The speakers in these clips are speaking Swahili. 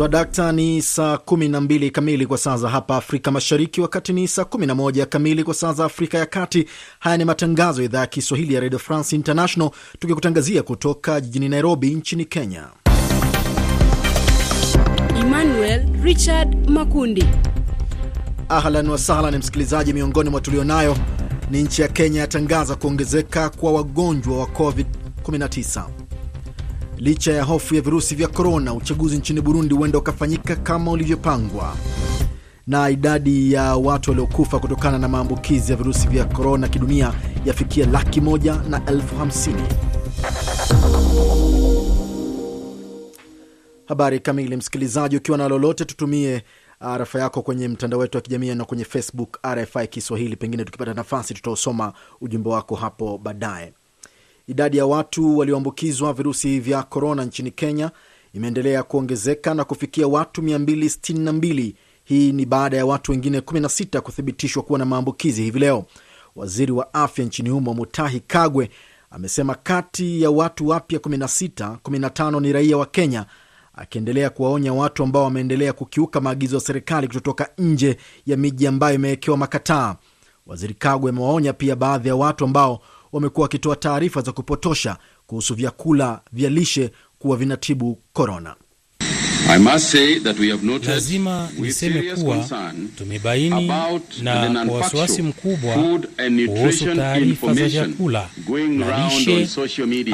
Swadakta ni saa 12 kamili kwa saa za hapa Afrika Mashariki, wakati ni saa 11 kamili kwa saa za Afrika ya Kati. Haya ni matangazo ya idhaa ya Kiswahili ya Radio France International, tukikutangazia kutoka jijini Nairobi nchini Kenya. Emmanuel Richard Makundi. Ahlan wasahlan, msikilizaji. Miongoni mwa tulionayo ni nchi ya Kenya yatangaza kuongezeka kwa wagonjwa wa COVID-19. Licha ya hofu ya virusi vya korona, uchaguzi nchini Burundi huenda ukafanyika kama ulivyopangwa. Na idadi ya watu waliokufa kutokana na maambukizi ya virusi vya korona kidunia yafikia laki moja na elfu hamsini. Habari kamili, msikilizaji, ukiwa na lolote, tutumie uh, arafa yako kwenye mtandao wetu wa kijamii na kwenye Facebook RFI Kiswahili. Pengine tukipata nafasi, tutaosoma ujumbe wako hapo baadaye. Idadi ya watu walioambukizwa virusi vya korona nchini Kenya imeendelea kuongezeka na kufikia watu 262. Hii ni baada ya watu wengine 16 kuthibitishwa kuwa na maambukizi hivi leo. Waziri wa afya nchini humo Mutahi Kagwe amesema kati ya watu wapya 16, 15 ni raia wa Kenya, akiendelea kuwaonya watu ambao wameendelea kukiuka maagizo ya serikali kutotoka nje ya miji ambayo imewekewa makataa. Waziri Kagwe amewaonya pia baadhi ya watu ambao wamekuwa wakitoa taarifa za kupotosha kuhusu vyakula vya lishe kuwa vinatibu korona. Lazima niseme kuwa tumebaini na kwa wasiwasi mkubwa kuhusu taarifa za vyakula na lishe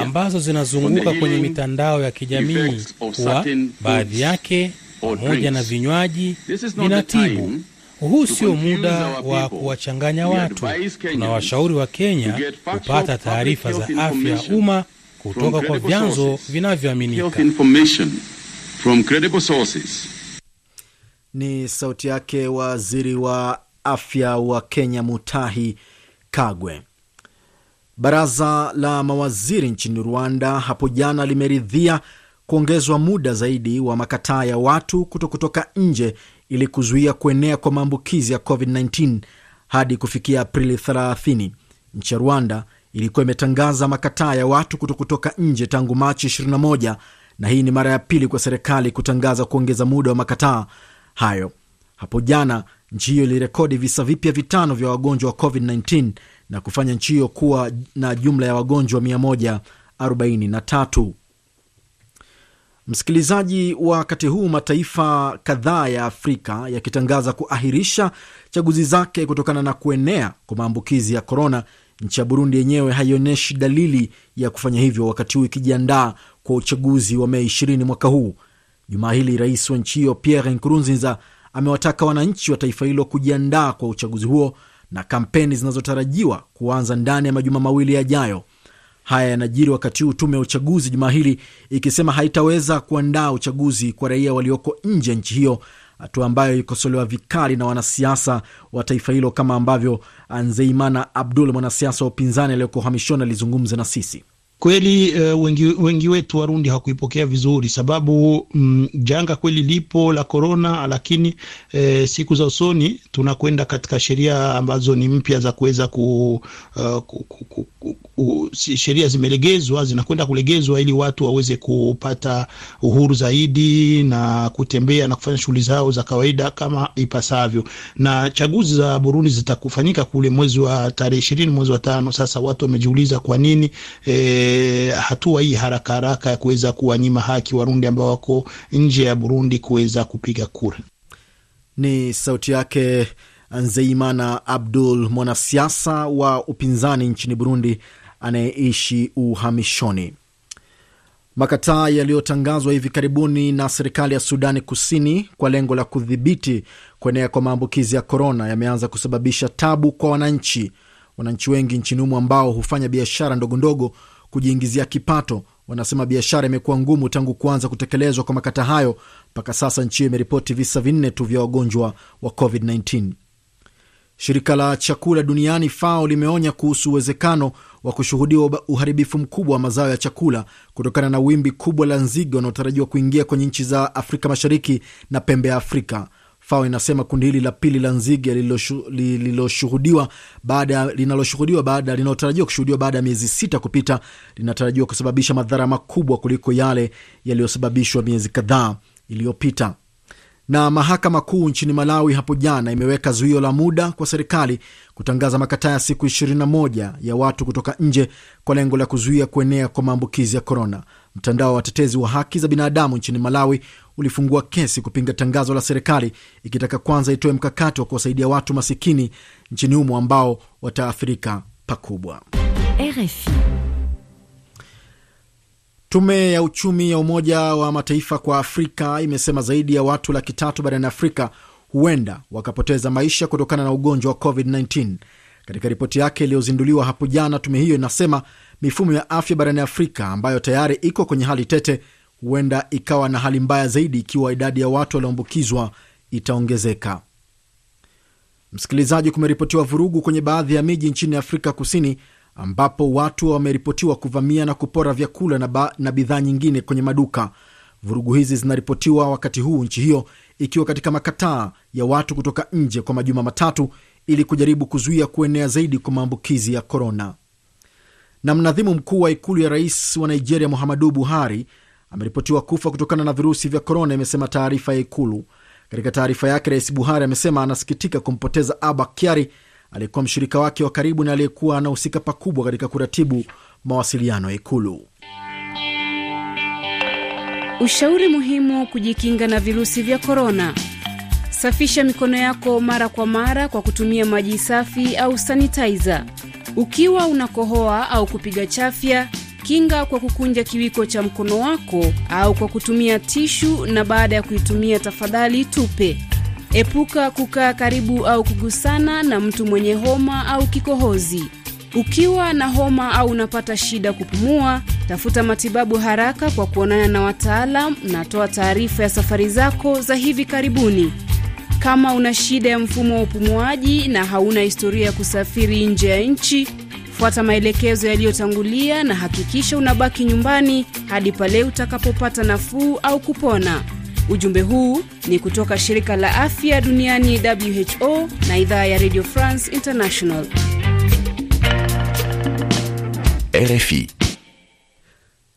ambazo zinazunguka kwenye mitandao ya kijamii kuwa baadhi yake pamoja na vinywaji vinatibu huu sio muda wa kuwachanganya watu. washauri wa Kenya kupata taarifa za afya ya umma kutoka kwa vyanzo vinavyoaminika. Ni sauti yake waziri wa afya wa Kenya, Mutahi Kagwe. Baraza la mawaziri nchini Rwanda hapo jana limeridhia kuongezwa muda zaidi wa makataa ya watu kuto kutoka nje ili kuzuia kuenea kwa maambukizi ya COVID-19 hadi kufikia Aprili 30. Nchi ya Rwanda ilikuwa imetangaza makataa ya watu kuto kutoka nje tangu Machi 21 na hii ni mara ya pili kwa serikali kutangaza kuongeza muda wa makataa hayo. Hapo jana nchi hiyo ilirekodi visa vipya vitano vya wagonjwa wa COVID-19 na kufanya nchi hiyo kuwa na jumla ya wagonjwa 143. Msikilizaji, wakati huu mataifa kadhaa ya Afrika yakitangaza kuahirisha chaguzi zake kutokana na kuenea kwa maambukizi ya korona, nchi ya Burundi yenyewe haionyeshi dalili ya kufanya hivyo, wakati huu ikijiandaa kwa uchaguzi wa Mei 20 mwaka huu. Jumaa hili rais wa nchi hiyo Pierre Nkurunziza amewataka wananchi wa taifa hilo kujiandaa kwa uchaguzi huo na kampeni zinazotarajiwa kuanza ndani ya majuma mawili yajayo. Haya yanajiri wakati huu tume ya uchaguzi jumaa hili ikisema haitaweza kuandaa uchaguzi kwa raia walioko nje ya nchi hiyo, hatua ambayo ikosolewa vikali na wanasiasa wa taifa hilo, kama ambavyo Nzeimana Abdul, mwanasiasa wa upinzani aliyoko uhamishoni, alizungumza na sisi. Kweli uh, wengi, wengi wetu Warundi hawakuipokea vizuri sababu mm, janga kweli lipo la korona, lakini eh, siku za usoni tunakwenda katika sheria ambazo ni mpya za kuweza ku, uh, ku, ku, ku, ku, sheria zimelegezwa zinakwenda kulegezwa ili watu waweze kupata uhuru zaidi na kutembea na kufanya shughuli zao za kawaida kama ipasavyo, na chaguzi za Burundi zitakufanyika kule mwezi wa tarehe ishirini mwezi wa tano. Sasa watu wamejiuliza kwa nini eh, hatua hii haraka haraka ya kuweza kuwanyima haki Warundi ambao wako nje ya Burundi kuweza kupiga kura. Ni sauti yake Nzeimana Abdul, mwanasiasa wa upinzani nchini Burundi anayeishi uhamishoni. Makataa yaliyotangazwa hivi karibuni na serikali ya Sudani Kusini kwa lengo la kudhibiti kuenea kwa maambukizi ya korona yameanza kusababisha tabu kwa wananchi. Wananchi wengi nchini humo ambao hufanya biashara ndogondogo kujiingizia kipato. Wanasema biashara imekuwa ngumu tangu kuanza kutekelezwa kwa makata hayo. Mpaka sasa nchi hiyo imeripoti visa vinne tu vya wagonjwa wa COVID-19. Shirika la chakula duniani FAO limeonya kuhusu uwezekano wa kushuhudiwa uharibifu mkubwa wa mazao ya chakula kutokana na wimbi kubwa la nzige wanaotarajiwa kuingia kwenye nchi za Afrika Mashariki na pembe ya Afrika. FAO inasema kundi hili la pili la nzige lililoshuhudiwa baada linaloshuhudiwa baada linalotarajiwa kushuhudiwa baada ya miezi sita kupita linatarajiwa kusababisha madhara makubwa kuliko yale yaliyosababishwa miezi kadhaa iliyopita. Na mahakama kuu nchini Malawi hapo jana imeweka zuio la muda kwa serikali kutangaza makataa ya siku 21 ya watu kutoka nje kwa lengo la kuzuia kuenea kwa maambukizi ya korona. Mtandao wa watetezi wa haki za binadamu nchini Malawi ulifungua kesi kupinga tangazo la serikali ikitaka kwanza itoe mkakati wa kuwasaidia watu masikini nchini humo ambao wataathirika pakubwa. RFI. Tume ya uchumi ya Umoja wa Mataifa kwa Afrika imesema zaidi ya watu laki tatu barani Afrika huenda wakapoteza maisha kutokana na ugonjwa wa COVID-19. Katika ripoti yake iliyozinduliwa hapo jana, tume hiyo inasema mifumo ya afya barani Afrika ambayo tayari iko kwenye hali tete huenda ikawa na hali mbaya zaidi ikiwa idadi ya watu walioambukizwa itaongezeka. Msikilizaji, kumeripotiwa vurugu kwenye baadhi ya miji nchini Afrika Kusini ambapo watu wameripotiwa kuvamia na kupora vyakula na, na bidhaa nyingine kwenye maduka. Vurugu hizi zinaripotiwa wakati huu nchi hiyo ikiwa katika makataa ya watu kutoka nje kwa majuma matatu ili kujaribu kuzuia kuenea zaidi kwa maambukizi ya korona. Na mnadhimu mkuu wa ikulu ya rais wa Nigeria Muhammadu Buhari ameripotiwa kufa kutokana na virusi vya korona, imesema taarifa ya Ikulu. Katika taarifa yake, Rais Buhari amesema anasikitika kumpoteza Aba Kyari aliyekuwa mshirika wake wa karibu na aliyekuwa anahusika pakubwa katika kuratibu mawasiliano ya Ikulu. Ushauri muhimu kujikinga na virusi vya korona: safisha mikono yako mara kwa mara kwa kutumia maji safi au sanitizer. Ukiwa unakohoa au kupiga chafya kujikinga kwa kukunja kiwiko cha mkono wako au kwa kutumia tishu, na baada ya kuitumia tafadhali tupe. Epuka kukaa karibu au kugusana na mtu mwenye homa au kikohozi. Ukiwa na homa au unapata shida kupumua, tafuta matibabu haraka kwa kuonana na wataalam na toa taarifa ya safari zako za hivi karibuni. Kama una shida ya mfumo wa upumuaji na hauna historia ya kusafiri nje ya nchi, Fuata maelekezo yaliyotangulia na hakikisha unabaki nyumbani hadi pale utakapopata nafuu au kupona. Ujumbe huu ni kutoka shirika la afya duniani WHO na idhaa ya Radio France International. RFI.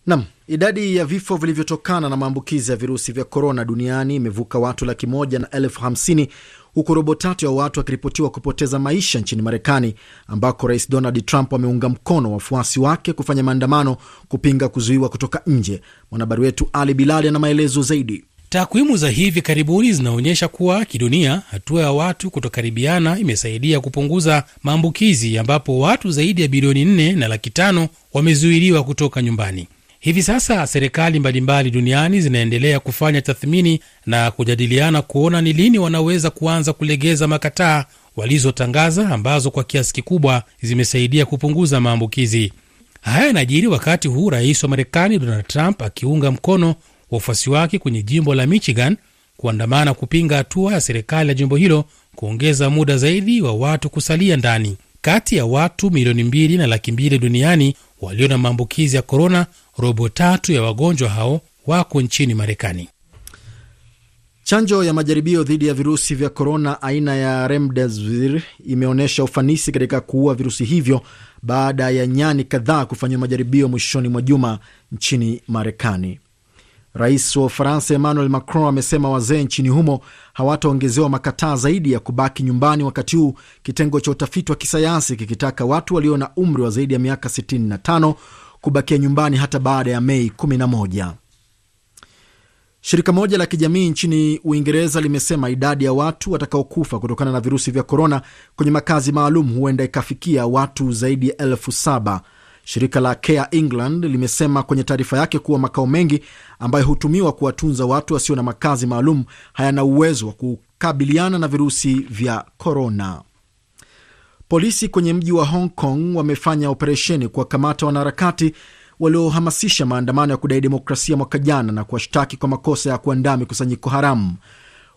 Nam, idadi ya vifo vilivyotokana na maambukizi ya virusi vya korona duniani imevuka watu laki moja na elfu hamsini huku robo tatu ya watu wakiripotiwa kupoteza maisha nchini Marekani, ambako Rais Donald Trump ameunga mkono wafuasi wake kufanya maandamano kupinga kuzuiwa kutoka nje. Mwanahabari wetu Ali Bilali ana maelezo zaidi. Takwimu za hivi karibuni zinaonyesha kuwa kidunia, hatua ya watu kutokaribiana imesaidia kupunguza maambukizi, ambapo watu zaidi ya bilioni nne na laki tano wamezuiliwa kutoka nyumbani. Hivi sasa serikali mbalimbali duniani zinaendelea kufanya tathmini na kujadiliana kuona ni lini wanaweza kuanza kulegeza makataa walizotangaza ambazo kwa kiasi kikubwa zimesaidia kupunguza maambukizi. Haya yanajiri wakati huu rais wa Marekani Donald Trump akiunga mkono wafuasi wake kwenye jimbo la Michigan kuandamana kupinga hatua ya serikali ya jimbo hilo kuongeza muda zaidi wa watu kusalia ndani. Kati ya watu milioni mbili na laki mbili duniani walio na maambukizi ya korona robo tatu ya wagonjwa hao wako nchini Marekani. Chanjo ya majaribio dhidi ya virusi vya korona aina ya remdesivir imeonyesha ufanisi katika kuua virusi hivyo baada ya nyani kadhaa kufanyiwa majaribio mwishoni mwa juma nchini Marekani. Rais wa Ufaransa Emmanuel Macron amesema wazee nchini humo hawataongezewa makataa zaidi ya kubaki nyumbani, wakati huu kitengo cha utafiti wa kisayansi kikitaka watu walio na umri wa zaidi ya miaka 65 kubakia nyumbani hata baada ya Mei 11. Shirika moja la kijamii nchini Uingereza limesema idadi ya watu watakaokufa kutokana na virusi vya korona kwenye makazi maalum huenda ikafikia watu zaidi ya elfu saba. Shirika la Care England limesema kwenye taarifa yake kuwa makao mengi ambayo hutumiwa kuwatunza watu wasio na makazi maalum hayana uwezo wa kukabiliana na virusi vya korona. Polisi kwenye mji wa Hong Kong wamefanya operesheni kuwakamata wanaharakati waliohamasisha maandamano ya kudai demokrasia mwaka jana na kuwashtaki kwa makosa ya kuandaa mikusanyiko haramu.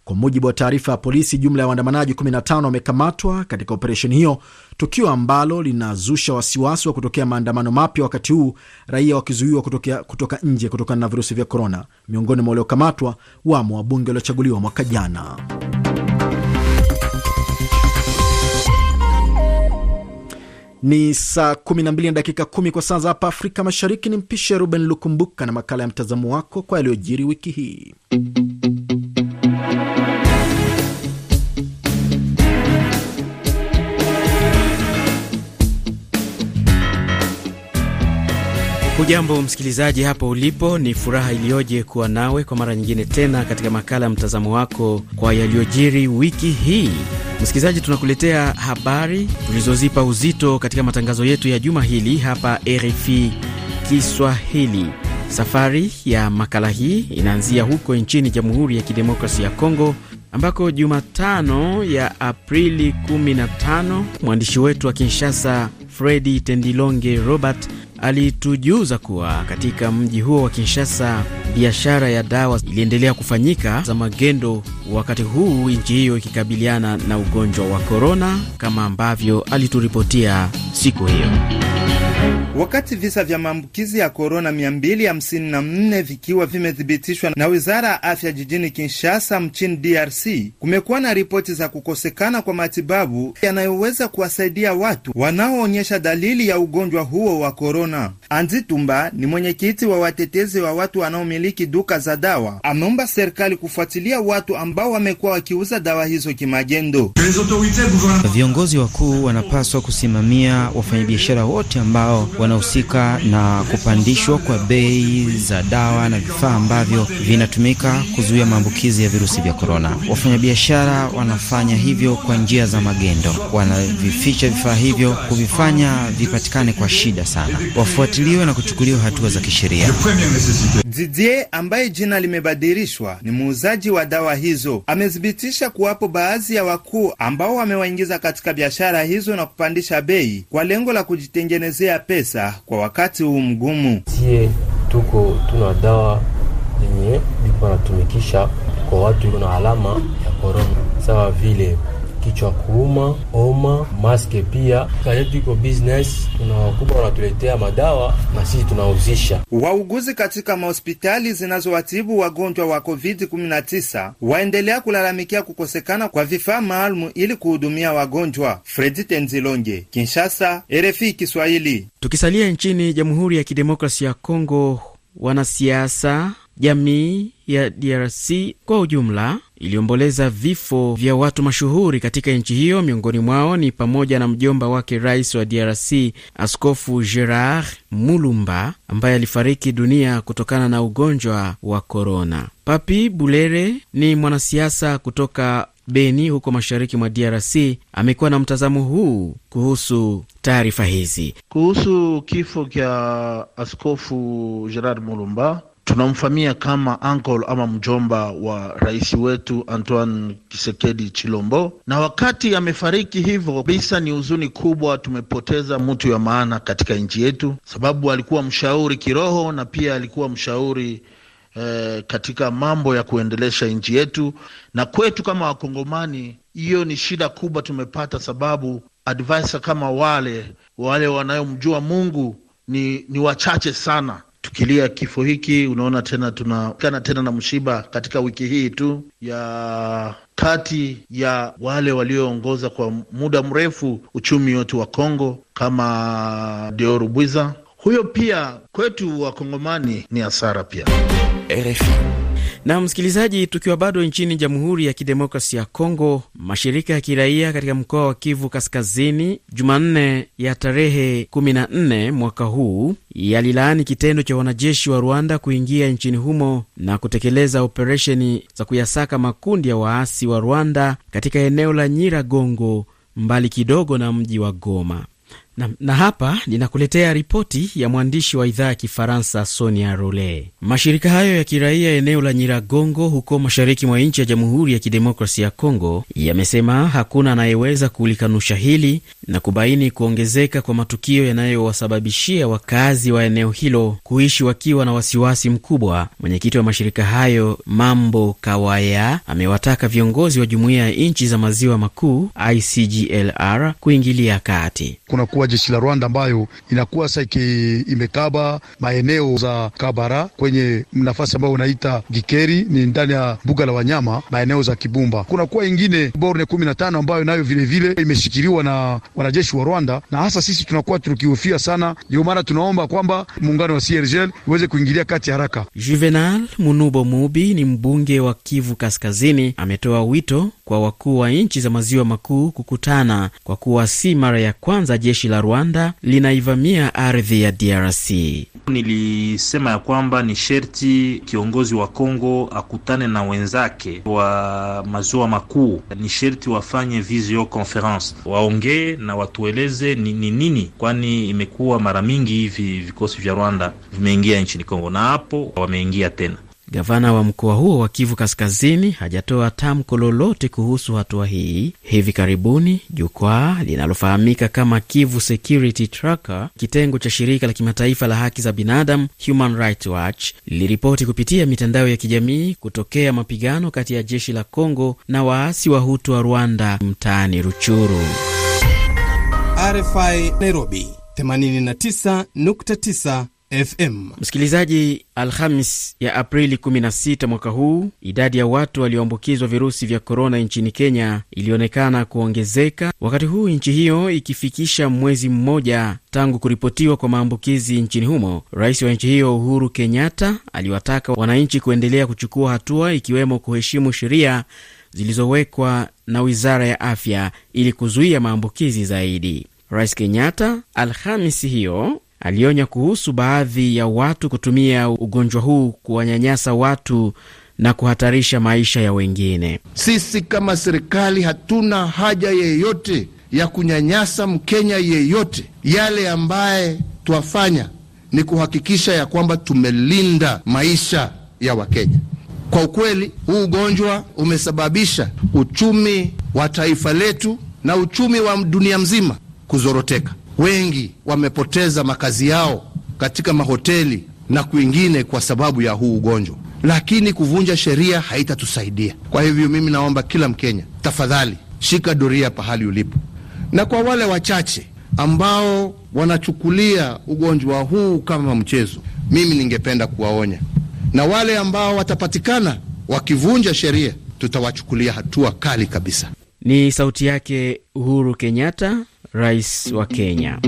Kwa mujibu wa taarifa ya polisi, jumla ya waandamanaji 15 wamekamatwa katika operesheni hiyo, tukio ambalo linazusha wasiwasi wa kutokea maandamano mapya, wakati huu raia wakizuiwa kutoka, kutoka nje kutokana na virusi vya korona. Miongoni mwa waliokamatwa wamo wabunge waliochaguliwa mwaka jana. Ni saa 12 na dakika 10 kwa saa za hapa Afrika Mashariki. Ni mpishe Ruben Lukumbuka na makala ya mtazamo wako kwa yaliyojiri wiki hii. Hujambo msikilizaji hapo ulipo, ni furaha iliyoje kuwa nawe kwa mara nyingine tena katika makala ya mtazamo wako kwa yaliyojiri wiki hii. Msikilizaji, tunakuletea habari tulizozipa uzito katika matangazo yetu ya juma hili hapa RFI Kiswahili. Safari ya makala hii inaanzia huko nchini Jamhuri ya Kidemokrasi ya Kongo ambako Jumatano ya Aprili 15 mwandishi wetu wa Kinshasa Fredi Tendilonge Robert alitujuza kuwa katika mji huo wa Kinshasa biashara ya dawa iliendelea kufanyika za magendo, wakati huu nchi hiyo ikikabiliana na ugonjwa wa korona, kama ambavyo alituripotia siku hiyo. Wakati visa vya maambukizi ya korona 254 vikiwa vimethibitishwa na wizara ya afya jijini Kinshasa mchini DRC, kumekuwa na ripoti za kukosekana kwa matibabu yanayoweza kuwasaidia watu wanaoonyesha dalili ya ugonjwa huo wa korona. Tumba ni mwenyekiti wa watetezi wa watu wanaomiliki duka za dawa, ameomba serikali kufuatilia watu ambao wamekuwa wakiuza dawa hizo kimagendo. Viongozi wakuu wanapaswa kusimamia wafanyabiashara wote ambao wanahusika na kupandishwa kwa bei za dawa na vifaa ambavyo vinatumika kuzuia maambukizi ya virusi vya korona. Wafanyabiashara wanafanya hivyo kwa njia za magendo, wanavificha vifaa hivyo, kuvifanya vipatikane kwa shida sana. Wafuatilia yafuatiliwe na kuchukuliwa hatua za kisheria. Didier ambaye jina limebadilishwa ni muuzaji wa dawa hizo, amethibitisha kuwapo baadhi ya wakuu ambao wamewaingiza katika biashara hizo na kupandisha bei kwa lengo la kujitengenezea pesa kwa wakati huu mgumu. Sie tuko tuna dawa yenye iko natumikisha kwa watu iko na alama ya korona sawa vile kichwa kuuma, homa, maske pia kaetu iko business, kuna wakubwa wanatuletea madawa na sisi tunauzisha. Wauguzi katika mahospitali zinazowatibu wagonjwa wa COVID-19 waendelea kulalamikia kukosekana kwa vifaa maalumu ili kuhudumia wagonjwa. Fredi Tenzilonge, Kinshasa, RFI Kiswahili. Tukisalia nchini Jamhuri ya Kidemokrasia ya Kongo, wanasiasa jamii ya DRC kwa ujumla iliomboleza vifo vya watu mashuhuri katika nchi hiyo. Miongoni mwao ni pamoja na mjomba wake rais wa DRC Askofu Gerard Mulumba ambaye alifariki dunia kutokana na ugonjwa wa korona. Papi Bulere ni mwanasiasa kutoka Beni huko mashariki mwa DRC amekuwa na mtazamo huu kuhusu taarifa hizi kuhusu kifo kya Askofu Gerard Mulumba tunamfamia kama uncle ama mjomba wa rais wetu Antoine Kisekedi Chilombo, na wakati amefariki hivyo kabisa, ni huzuni kubwa. Tumepoteza mtu ya maana katika nchi yetu, sababu alikuwa mshauri kiroho na pia alikuwa mshauri eh, katika mambo ya kuendelesha nchi yetu. Na kwetu kama Wakongomani, hiyo ni shida kubwa tumepata, sababu advisor kama wale wale wanayomjua Mungu ni, ni wachache sana tukilia kifo hiki, unaona tena tunakana tena na mshiba katika wiki hii tu ya kati ya wale walioongoza kwa muda mrefu uchumi wetu wa Kongo kama Deoru Bwiza. Huyo pia kwetu Wakongomani ni hasara pia. RFI. Na msikilizaji, tukiwa bado nchini Jamhuri ya kidemokrasi ya Kongo, mashirika ya kiraia katika mkoa wa Kivu Kaskazini Jumanne ya tarehe 14 mwaka huu yalilaani kitendo cha wanajeshi wa Rwanda kuingia nchini humo na kutekeleza operesheni za kuyasaka makundi ya waasi wa Rwanda katika eneo la Nyiragongo, mbali kidogo na mji wa Goma. Na, na hapa ninakuletea ripoti ya mwandishi wa idhaa ya Kifaransa Sonia role Mashirika hayo ya kiraia eneo la Nyiragongo huko mashariki mwa nchi ya Jamhuri ya Kidemokrasia ya Kongo yamesema hakuna anayeweza kulikanusha hili na kubaini kuongezeka kwa matukio yanayowasababishia wakazi wa eneo hilo kuishi wakiwa na wasiwasi mkubwa. Mwenyekiti wa mashirika hayo Mambo Kawaya amewataka viongozi wa Jumuiya ya Nchi za Maziwa Makuu ICGLR kuingilia kati. Kuna wa jeshi la Rwanda ambayo inakuwa sasa imekaba maeneo za Kabara kwenye nafasi ambayo unaita Gikeri, ni ndani ya mbuga la wanyama maeneo za Kibumba. Kuna kuwa ingine Borne kumi na tano ambayo nayo vilevile imeshikiliwa na wanajeshi wa Rwanda, na hasa sisi tunakuwa tukihofia sana. Ndio maana tunaomba kwamba muungano wa CRGL uweze kuingilia kati haraka. Juvenal Munubo Mubi ni mbunge wa Kivu Kaskazini, ametoa wito kwa wakuu wa nchi za maziwa makuu kukutana, kwa kuwa si mara ya kwanza jeshi la Rwanda linaivamia ardhi ya DRC. Nilisema ya kwamba ni sherti kiongozi wa Kongo akutane na wenzake wa maziwa makuu, ni sherti wafanye visio conference, waongee na watueleze ni nini, kwani imekuwa mara mingi hivi vikosi vya Rwanda vimeingia nchini Kongo na hapo wameingia tena Gavana wa mkoa huo wa Kivu Kaskazini hajatoa tamko lolote kuhusu hatua hii. Hivi karibuni jukwaa linalofahamika kama Kivu Security Tracker, kitengo cha shirika la kimataifa la haki za binadamu Human Rights Watch, liliripoti kupitia mitandao ya kijamii kutokea mapigano kati ya jeshi la Kongo na waasi wa Hutu wa Rwanda mtaani Ruchuru. RFI Nairobi 89.9 FM. Msikilizaji, Alhamis ya Aprili 16 mwaka huu, idadi ya watu walioambukizwa virusi vya korona nchini Kenya ilionekana kuongezeka, wakati huu nchi hiyo ikifikisha mwezi mmoja tangu kuripotiwa kwa maambukizi nchini humo. Rais wa nchi hiyo Uhuru Kenyatta aliwataka wananchi kuendelea kuchukua hatua, ikiwemo kuheshimu sheria zilizowekwa na wizara ya afya ili kuzuia maambukizi zaidi. Rais Kenyatta Alhamisi hiyo alionya kuhusu baadhi ya watu kutumia ugonjwa huu kuwanyanyasa watu na kuhatarisha maisha ya wengine. Sisi kama serikali hatuna haja yeyote ya kunyanyasa Mkenya yeyote. Yale ambaye twafanya ni kuhakikisha ya kwamba tumelinda maisha ya Wakenya. Kwa ukweli, huu ugonjwa umesababisha uchumi wa taifa letu na uchumi wa dunia mzima kuzoroteka wengi wamepoteza makazi yao katika mahoteli na kwingine kwa sababu ya huu ugonjwa, lakini kuvunja sheria haitatusaidia. Kwa hivyo mimi naomba kila Mkenya, tafadhali shika doria pahali ulipo, na kwa wale wachache ambao wanachukulia ugonjwa huu kama mchezo, mimi ningependa kuwaonya, na wale ambao watapatikana wakivunja sheria tutawachukulia hatua kali kabisa. Ni sauti yake Uhuru Kenyatta, rais wa Kenya.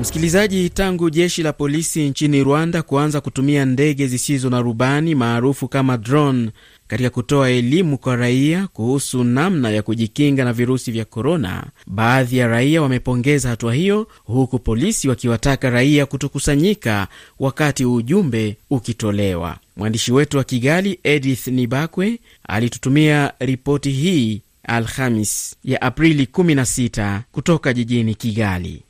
Msikilizaji, tangu jeshi la polisi nchini Rwanda kuanza kutumia ndege zisizo na rubani maarufu kama drone katika kutoa elimu kwa raia kuhusu namna ya kujikinga na virusi vya korona, baadhi ya raia wamepongeza hatua hiyo, huku polisi wakiwataka raia kutokusanyika wakati ujumbe ukitolewa. Mwandishi wetu wa Kigali Edith Nibakwe alitutumia ripoti hii Alhamis ya Aprili 16 kutoka jijini Kigali.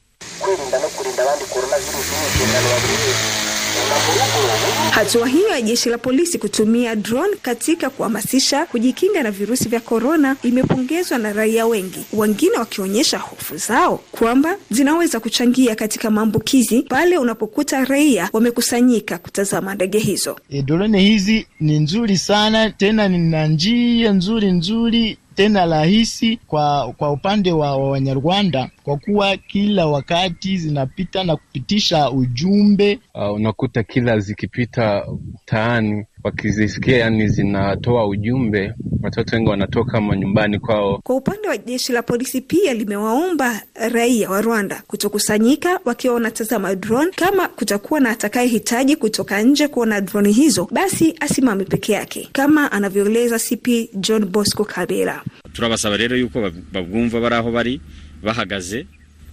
Hatua hiyo ya jeshi la polisi kutumia drone katika kuhamasisha kujikinga na virusi vya korona imepongezwa na raia wengi, wengine wakionyesha hofu zao kwamba zinaweza kuchangia katika maambukizi pale unapokuta raia wamekusanyika kutazama ndege hizo. E, drone hizi ni nzuri sana, tena nina njia nzuri nzuri tena rahisi kwa, kwa upande wa Wanyarwanda kwa kuwa kila wakati zinapita na kupitisha ujumbe. Uh, unakuta kila zikipita mtaani wakizisikia, yani zinatoa ujumbe, watoto wengi wanatoka manyumbani kwao. Kwa upande wa jeshi la polisi, pia limewaomba raia wa Rwanda kutokusanyika wakiwa wanatazama drone. Kama kutakuwa na atakayehitaji kutoka nje kuona droni hizo, basi asimame peke yake, kama anavyoeleza CP John Bosco Kabera. turabasaba rero yuko babwumva baraho bari bahagaze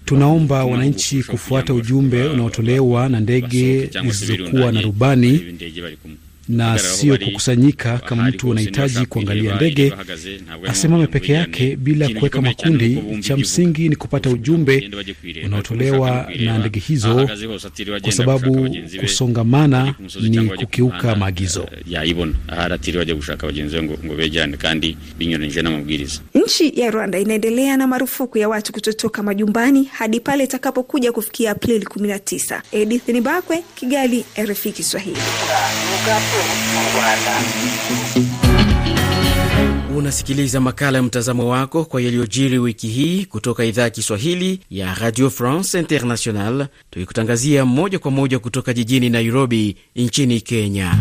Tunaomba wananchi kufuata ujumbe unaotolewa na ndege zisizokuwa na rubani na sio kukusanyika. Kama mtu anahitaji kuangalia ndege asimame peke yake bila kuweka makundi. Cha msingi ni kupata ujumbe unaotolewa na ndege hizo, kwa sababu kusongamana ni kukiuka maagizo. Eh, Nchi ya Rwanda inaendelea na marufuku ya watu kutotoka majumbani hadi pale itakapokuja kufikia Aprili 19. Edith Nibakwe, Kigali, RFI Kiswahili. Unasikiliza makala ya mtazamo wako kwa yaliyojiri wiki hii kutoka idhaa ya Kiswahili ya Radio France International, tukikutangazia moja kwa moja kutoka jijini Nairobi nchini Kenya.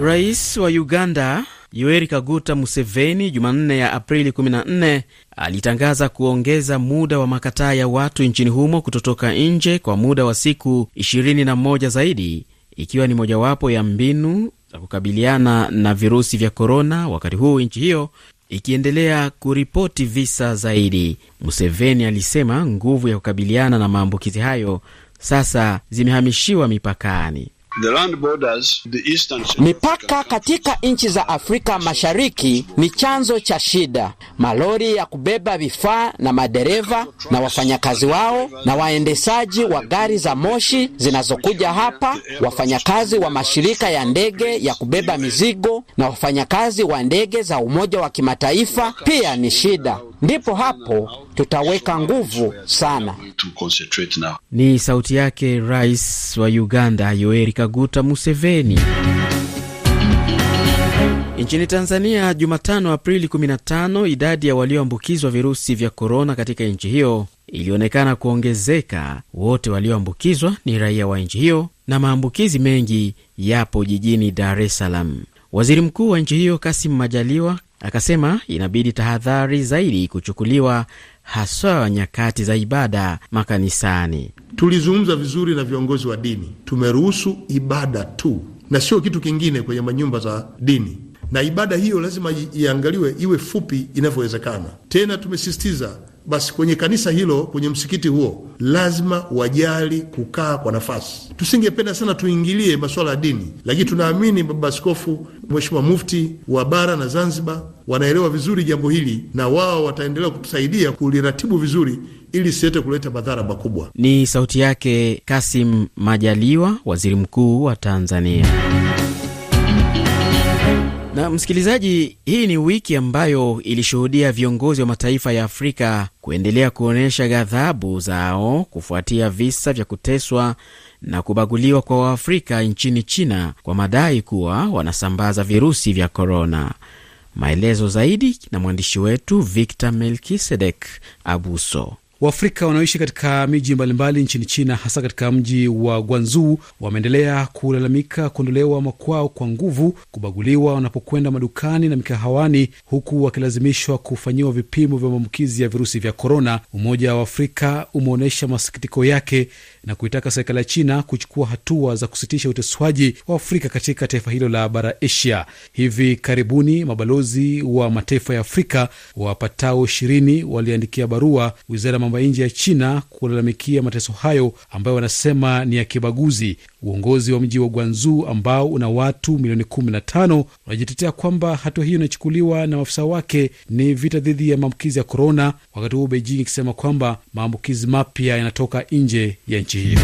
Rais wa Uganda Yoweri Kaguta Museveni Jumanne ya Aprili 14 alitangaza kuongeza muda wa makataa ya watu nchini humo kutotoka nje kwa muda wa siku 21 zaidi ikiwa ni mojawapo ya mbinu za kukabiliana na virusi vya korona, wakati huu nchi hiyo ikiendelea kuripoti visa zaidi. Museveni alisema nguvu ya kukabiliana na maambukizi hayo sasa zimehamishiwa mipakani. The land borders, the eastern... Mipaka katika nchi za Afrika Mashariki ni chanzo cha shida. Malori ya kubeba vifaa na madereva na wafanyakazi wao na waendeshaji wa gari za moshi zinazokuja hapa, wafanyakazi wa mashirika ya ndege ya kubeba mizigo na wafanyakazi wa ndege za Umoja wa Kimataifa pia ni shida ndipo hapo tutaweka nguvu sana. Ni sauti yake Rais wa Uganda Yoweri Kaguta Museveni. Nchini Tanzania, Jumatano Aprili 15, idadi ya walioambukizwa virusi vya korona katika nchi hiyo ilionekana kuongezeka. Wote walioambukizwa ni raia wa nchi hiyo na maambukizi mengi yapo jijini Dar es Salaam. Waziri Mkuu wa nchi hiyo Kasim Majaliwa Akasema inabidi tahadhari zaidi kuchukuliwa haswa nyakati za ibada makanisani. Tulizungumza vizuri na viongozi wa dini, tumeruhusu ibada tu na sio kitu kingine kwenye manyumba za dini, na ibada hiyo lazima iangaliwe iwe fupi inavyowezekana. Tena tumesisitiza basi kwenye kanisa hilo, kwenye msikiti huo, lazima wajali kukaa kwa nafasi. Tusingependa sana tuingilie masuala ya dini, lakini tunaamini baba askofu, mheshimiwa mufti wa bara na Zanzibar wanaelewa vizuri jambo hili, na wao wataendelea kutusaidia kuliratibu vizuri ili siweze kuleta madhara makubwa. Ni sauti yake Kasim Majaliwa, waziri mkuu wa Tanzania msikilizaji, hii ni wiki ambayo ilishuhudia viongozi wa mataifa ya Afrika kuendelea kuonyesha ghadhabu zao kufuatia visa vya kuteswa na kubaguliwa kwa Waafrika nchini China kwa madai kuwa wanasambaza virusi vya korona. Maelezo zaidi na mwandishi wetu Victor Melkisedek Abuso. Waafrika wanaoishi katika miji mbalimbali nchini China, hasa katika mji wa Guangzhou, wameendelea kulalamika kuondolewa makwao kwa nguvu, kubaguliwa wanapokwenda madukani na mikahawani, huku wakilazimishwa kufanyiwa vipimo vya maambukizi ya virusi vya korona. Umoja wa Afrika umeonyesha masikitiko yake na kuitaka serikali ya China kuchukua hatua za kusitisha uteswaji wa Afrika katika taifa hilo la bara Asia. Hivi karibuni mabalozi wa mataifa ya Afrika wapatao ishirini waliandikia barua wizara mambo ya nje ya China kulalamikia mateso hayo ambayo wanasema ni ya kibaguzi. Uongozi wa mji wa gwanzu ambao una watu milioni 15 unajitetea kwamba hatua hiyo inachukuliwa na maafisa wake ni vita dhidi ya maambukizi ya korona, wakati huu Beijing ikisema kwamba maambukizi mapya yanatoka nje ya nchi hiyo.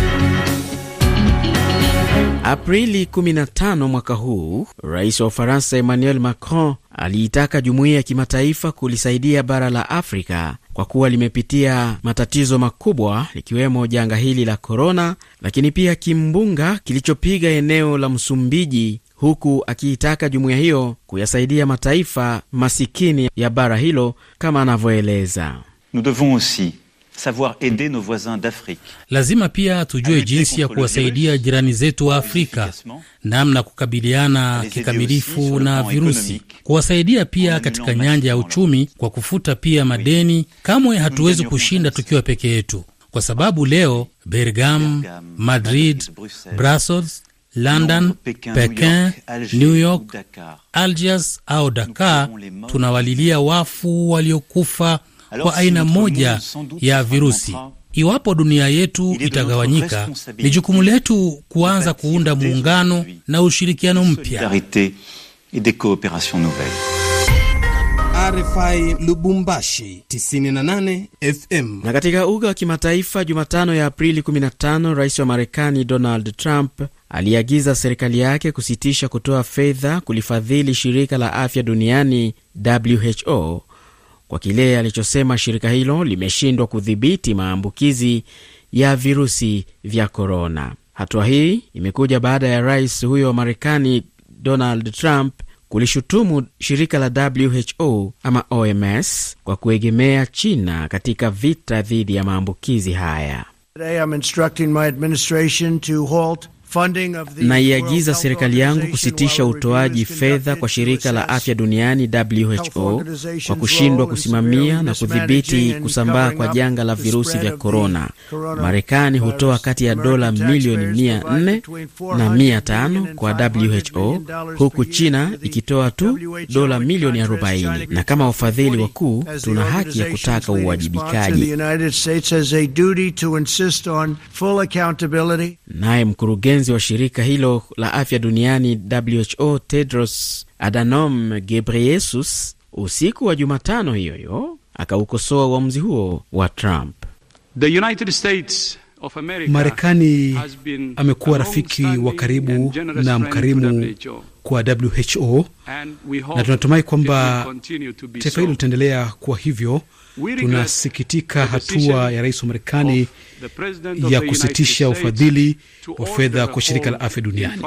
Aprili 15 mwaka huu, rais wa Ufaransa Emmanuel Macron aliitaka jumuiya ya kimataifa kulisaidia bara la Afrika kwa kuwa limepitia matatizo makubwa likiwemo janga hili la korona, lakini pia kimbunga kilichopiga eneo la Msumbiji, huku akiitaka jumuiya hiyo kuyasaidia mataifa masikini ya bara hilo kama anavyoeleza. Nous devons aussi savoir aider nos voisins d'Afrique. Lazima pia tujue jinsi ya kuwasaidia jirani zetu wa Afrika namna kukabiliana kikamilifu na virusi, kuwasaidia pia katika nyanja ya uchumi kwa kufuta pia madeni. Kamwe hatuwezi kushinda tukiwa peke yetu, kwa sababu leo Bergam, Madrid, Brussels, London, Pekin, New York, Algiers au Dakar tunawalilia wafu waliokufa kwa aina moja ya virusi. Iwapo dunia yetu itagawanyika, ni jukumu letu kuanza kuunda muungano na ushirikiano mpya. RFI Lubumbashi 98 FM. Na katika uga wa kimataifa, Jumatano ya Aprili 15, rais wa Marekani Donald Trump aliagiza serikali yake kusitisha kutoa fedha kulifadhili shirika la afya duniani WHO kwa kile alichosema shirika hilo limeshindwa kudhibiti maambukizi ya virusi vya korona. Hatua hii imekuja baada ya rais huyo wa Marekani Donald Trump kulishutumu shirika la WHO ama OMS kwa kuegemea China katika vita dhidi ya maambukizi haya. Today I'm instructing my administration to halt Naiagiza serikali yangu kusitisha utoaji fedha kwa shirika la afya duniani WHO kwa kushindwa kusimamia na kudhibiti kusambaa kwa janga la virusi vya korona. Marekani hutoa kati ya dola milioni mia na 5 kwa WHO huku China ikitoa tu dola milioni 40, na kama wafadhili wakuu tuna haki ya kutaka uwajibikaji. Naye mkurugenzi mkurugenzi wa shirika hilo la afya duniani WHO Tedros Adhanom Ghebreyesus usiku wa Jumatano hiyo akaukosoa uamuzi huo wa Trump. The United States Marekani amekuwa rafiki wa karibu na mkarimu kwa WHO na tunatumai kwamba taifa hilo litaendelea kuwa hivyo Tunasikitika hatua ya rais wa Marekani ya kusitisha ufadhili wa fedha kwa shirika la afya duniani.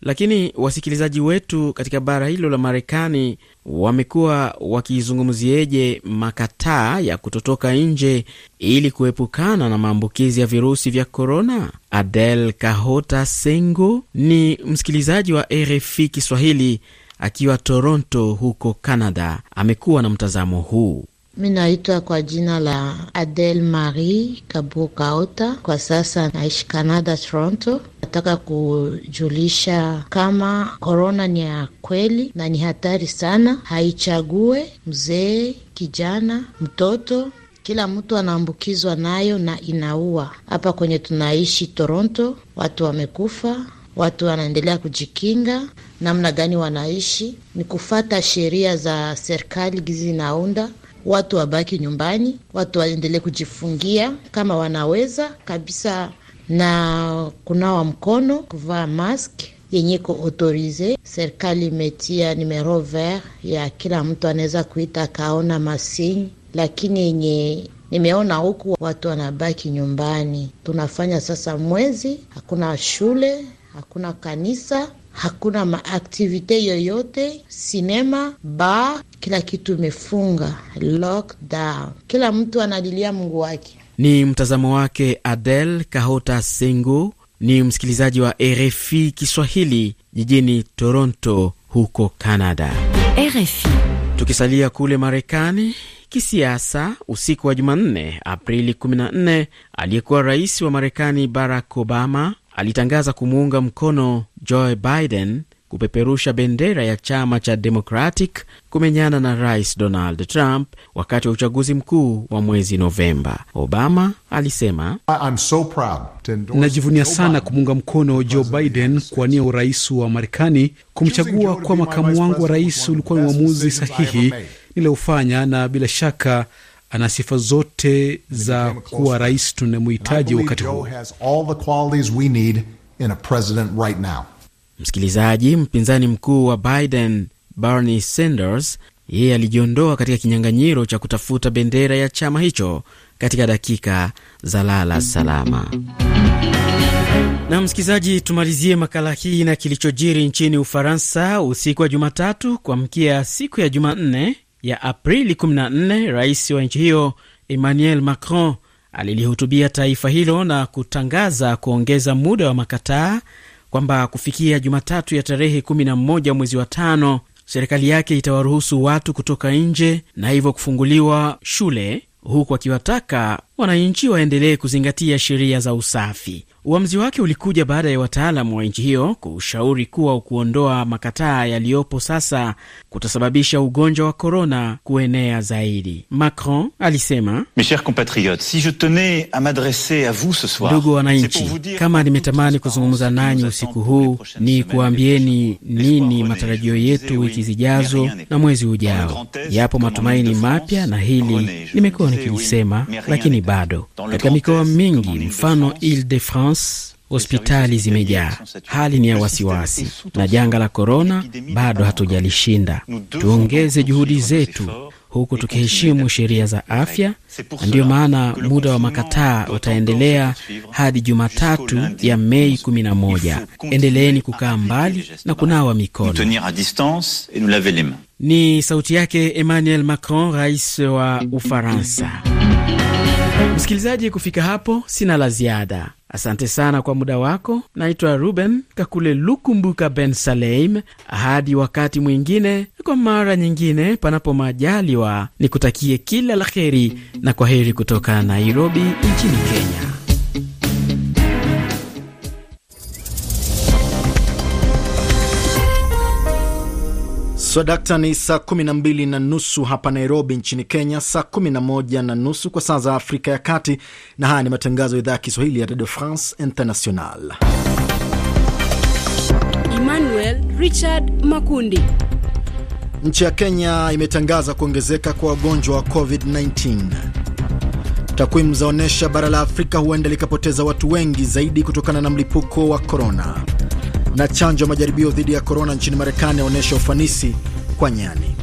Lakini wasikilizaji wetu katika bara hilo la Marekani wamekuwa wakizungumzieje makataa ya kutotoka nje ili kuepukana na maambukizi ya virusi vya korona? Adel Kahota Sengo ni msikilizaji wa RFI Kiswahili akiwa Toronto huko Canada, amekuwa na mtazamo huu. Mi naitwa kwa jina la Adel Marie Kabukaota. Kwa sasa naishi Canada, Toronto. Nataka kujulisha kama korona ni ya kweli na ni hatari sana, haichague mzee, kijana, mtoto kila mtu anaambukizwa nayo na inaua. Hapa kwenye tunaishi Toronto, watu wamekufa, watu wanaendelea kujikinga namna gani wanaishi, ni kufata sheria za serikali gizi naunda watu wabaki nyumbani, watu waendelee kujifungia kama wanaweza kabisa, na kunawa mkono, kuvaa mask yenye ko autorize. Serikali imetia numero vert ya kila mtu anaweza kuita akaona masinyi, lakini yenye nimeona huku watu wanabaki nyumbani. Tunafanya sasa mwezi, hakuna shule, hakuna kanisa, hakuna maaktivite yoyote, sinema, bar, kila kitu imefunga, lockdown. Kila mtu anadilia Mungu wake. Ni mtazamo wake Adel Kahota sengo ni msikilizaji wa RFI Kiswahili jijini Toronto huko Canada. RFI. Tukisalia kule Marekani kisiasa, usiku wa Jumanne Aprili 14, aliyekuwa rais wa Marekani Barack Obama alitangaza kumuunga mkono Joe Biden kupeperusha bendera ya chama cha Democratic kumenyana na Rais Donald Trump wakati wa uchaguzi mkuu wa mwezi Novemba. Obama alisema so najivunia sana kumuunga mkono Joe Biden kuwania urais wa Marekani. Kumchagua kwa makamu wangu wa rais ulikuwa ni uamuzi sahihi niliofanya, na bila shaka ana sifa zote za kuwa rais tunamhitaji wakati huu. msikilizaji. Mpinzani mkuu wa Biden Bernie Sanders yeye alijiondoa katika kinyang'anyiro cha kutafuta bendera ya chama hicho katika dakika za lala salama. Na msikilizaji, tumalizie makala hii na kilichojiri nchini Ufaransa usiku wa Jumatatu kuamkia siku ya Jumanne ya Aprili 14 rais wa nchi hiyo Emmanuel Macron alilihutubia taifa hilo na kutangaza kuongeza muda wa makataa kwamba kufikia Jumatatu ya tarehe 11 mwezi wa tano serikali yake itawaruhusu watu kutoka nje na hivyo kufunguliwa shule, huku akiwataka wananchi waendelee kuzingatia sheria za usafi. Uamuzi wake ulikuja baada ya wataalamu wa nchi hiyo kushauri kuwa kuondoa makataa yaliyopo sasa kutasababisha ugonjwa wa korona kuenea zaidi. Macron alisema, Mes chers compatriotes, si je tenais m'adresser vous ce soir. Ndugu wananchi, kama nimetamani kuzungumza nanyi usiku huu ni kuambieni nini matarajio yetu wiki zijazo na mwezi ujao. Yapo matumaini mapya, na hili nimekuwa nikilisema, lakini bado katika mikoa mingi, mfano Ile de France ambulance, hospitali zimejaa. Hali ni ya wasiwasi, na janga la korona bado hatujalishinda. Tuongeze juhudi zetu huku tukiheshimu sheria za afya, na ndiyo maana muda wa makataa utaendelea hadi Jumatatu ya Mei 11. Endeleeni kukaa mbali na kunawa mikono. Ni sauti yake Emmanuel Macron, rais wa Ufaransa. Msikilizaji, kufika hapo sina la ziada. Asante sana kwa muda wako. Naitwa Ruben Kakule Lukumbuka Ben Saleim. Hadi wakati mwingine, kwa mara nyingine, panapo majaliwa, nikutakie kila la heri na kwa heri kutoka Nairobi nchini Kenya. Swadakta ni saa 12 na nusu hapa Nairobi nchini Kenya, saa 11 na nusu kwa saa za Afrika ya Kati, na haya ni matangazo ya idhaa ya Kiswahili ya Radio France International. Emmanuel Richard Makundi. Nchi ya Kenya imetangaza kuongezeka kwa wagonjwa wa COVID-19. Takwimu zaonyesha bara la Afrika huenda likapoteza watu wengi zaidi kutokana na mlipuko wa korona. Na chanjo ya majaribio dhidi ya korona nchini Marekani yaonyesha ufanisi kwa nyani.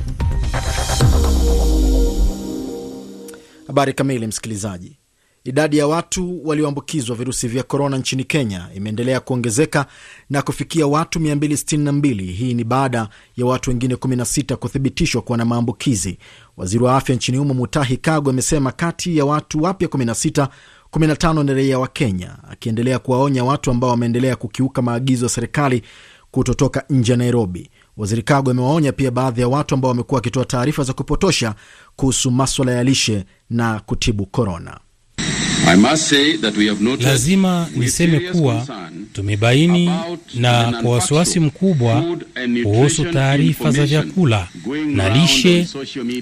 Habari kamili, msikilizaji. Idadi ya watu walioambukizwa virusi vya korona nchini Kenya imeendelea kuongezeka na kufikia watu 262. Hii ni baada ya watu wengine 16 kuthibitishwa kuwa na maambukizi. Waziri wa afya nchini humo Mutahi Kagwe amesema kati ya watu wapya 16 15 ni raia wa Kenya, akiendelea kuwaonya watu ambao wameendelea kukiuka maagizo ya serikali kutotoka nje ya Nairobi. Waziri Kago amewaonya pia baadhi ya watu ambao wamekuwa wakitoa taarifa za kupotosha kuhusu maswala ya lishe na kutibu korona. Lazima niseme kuwa tumebaini na kwa wasiwasi mkubwa kuhusu taarifa za vyakula na lishe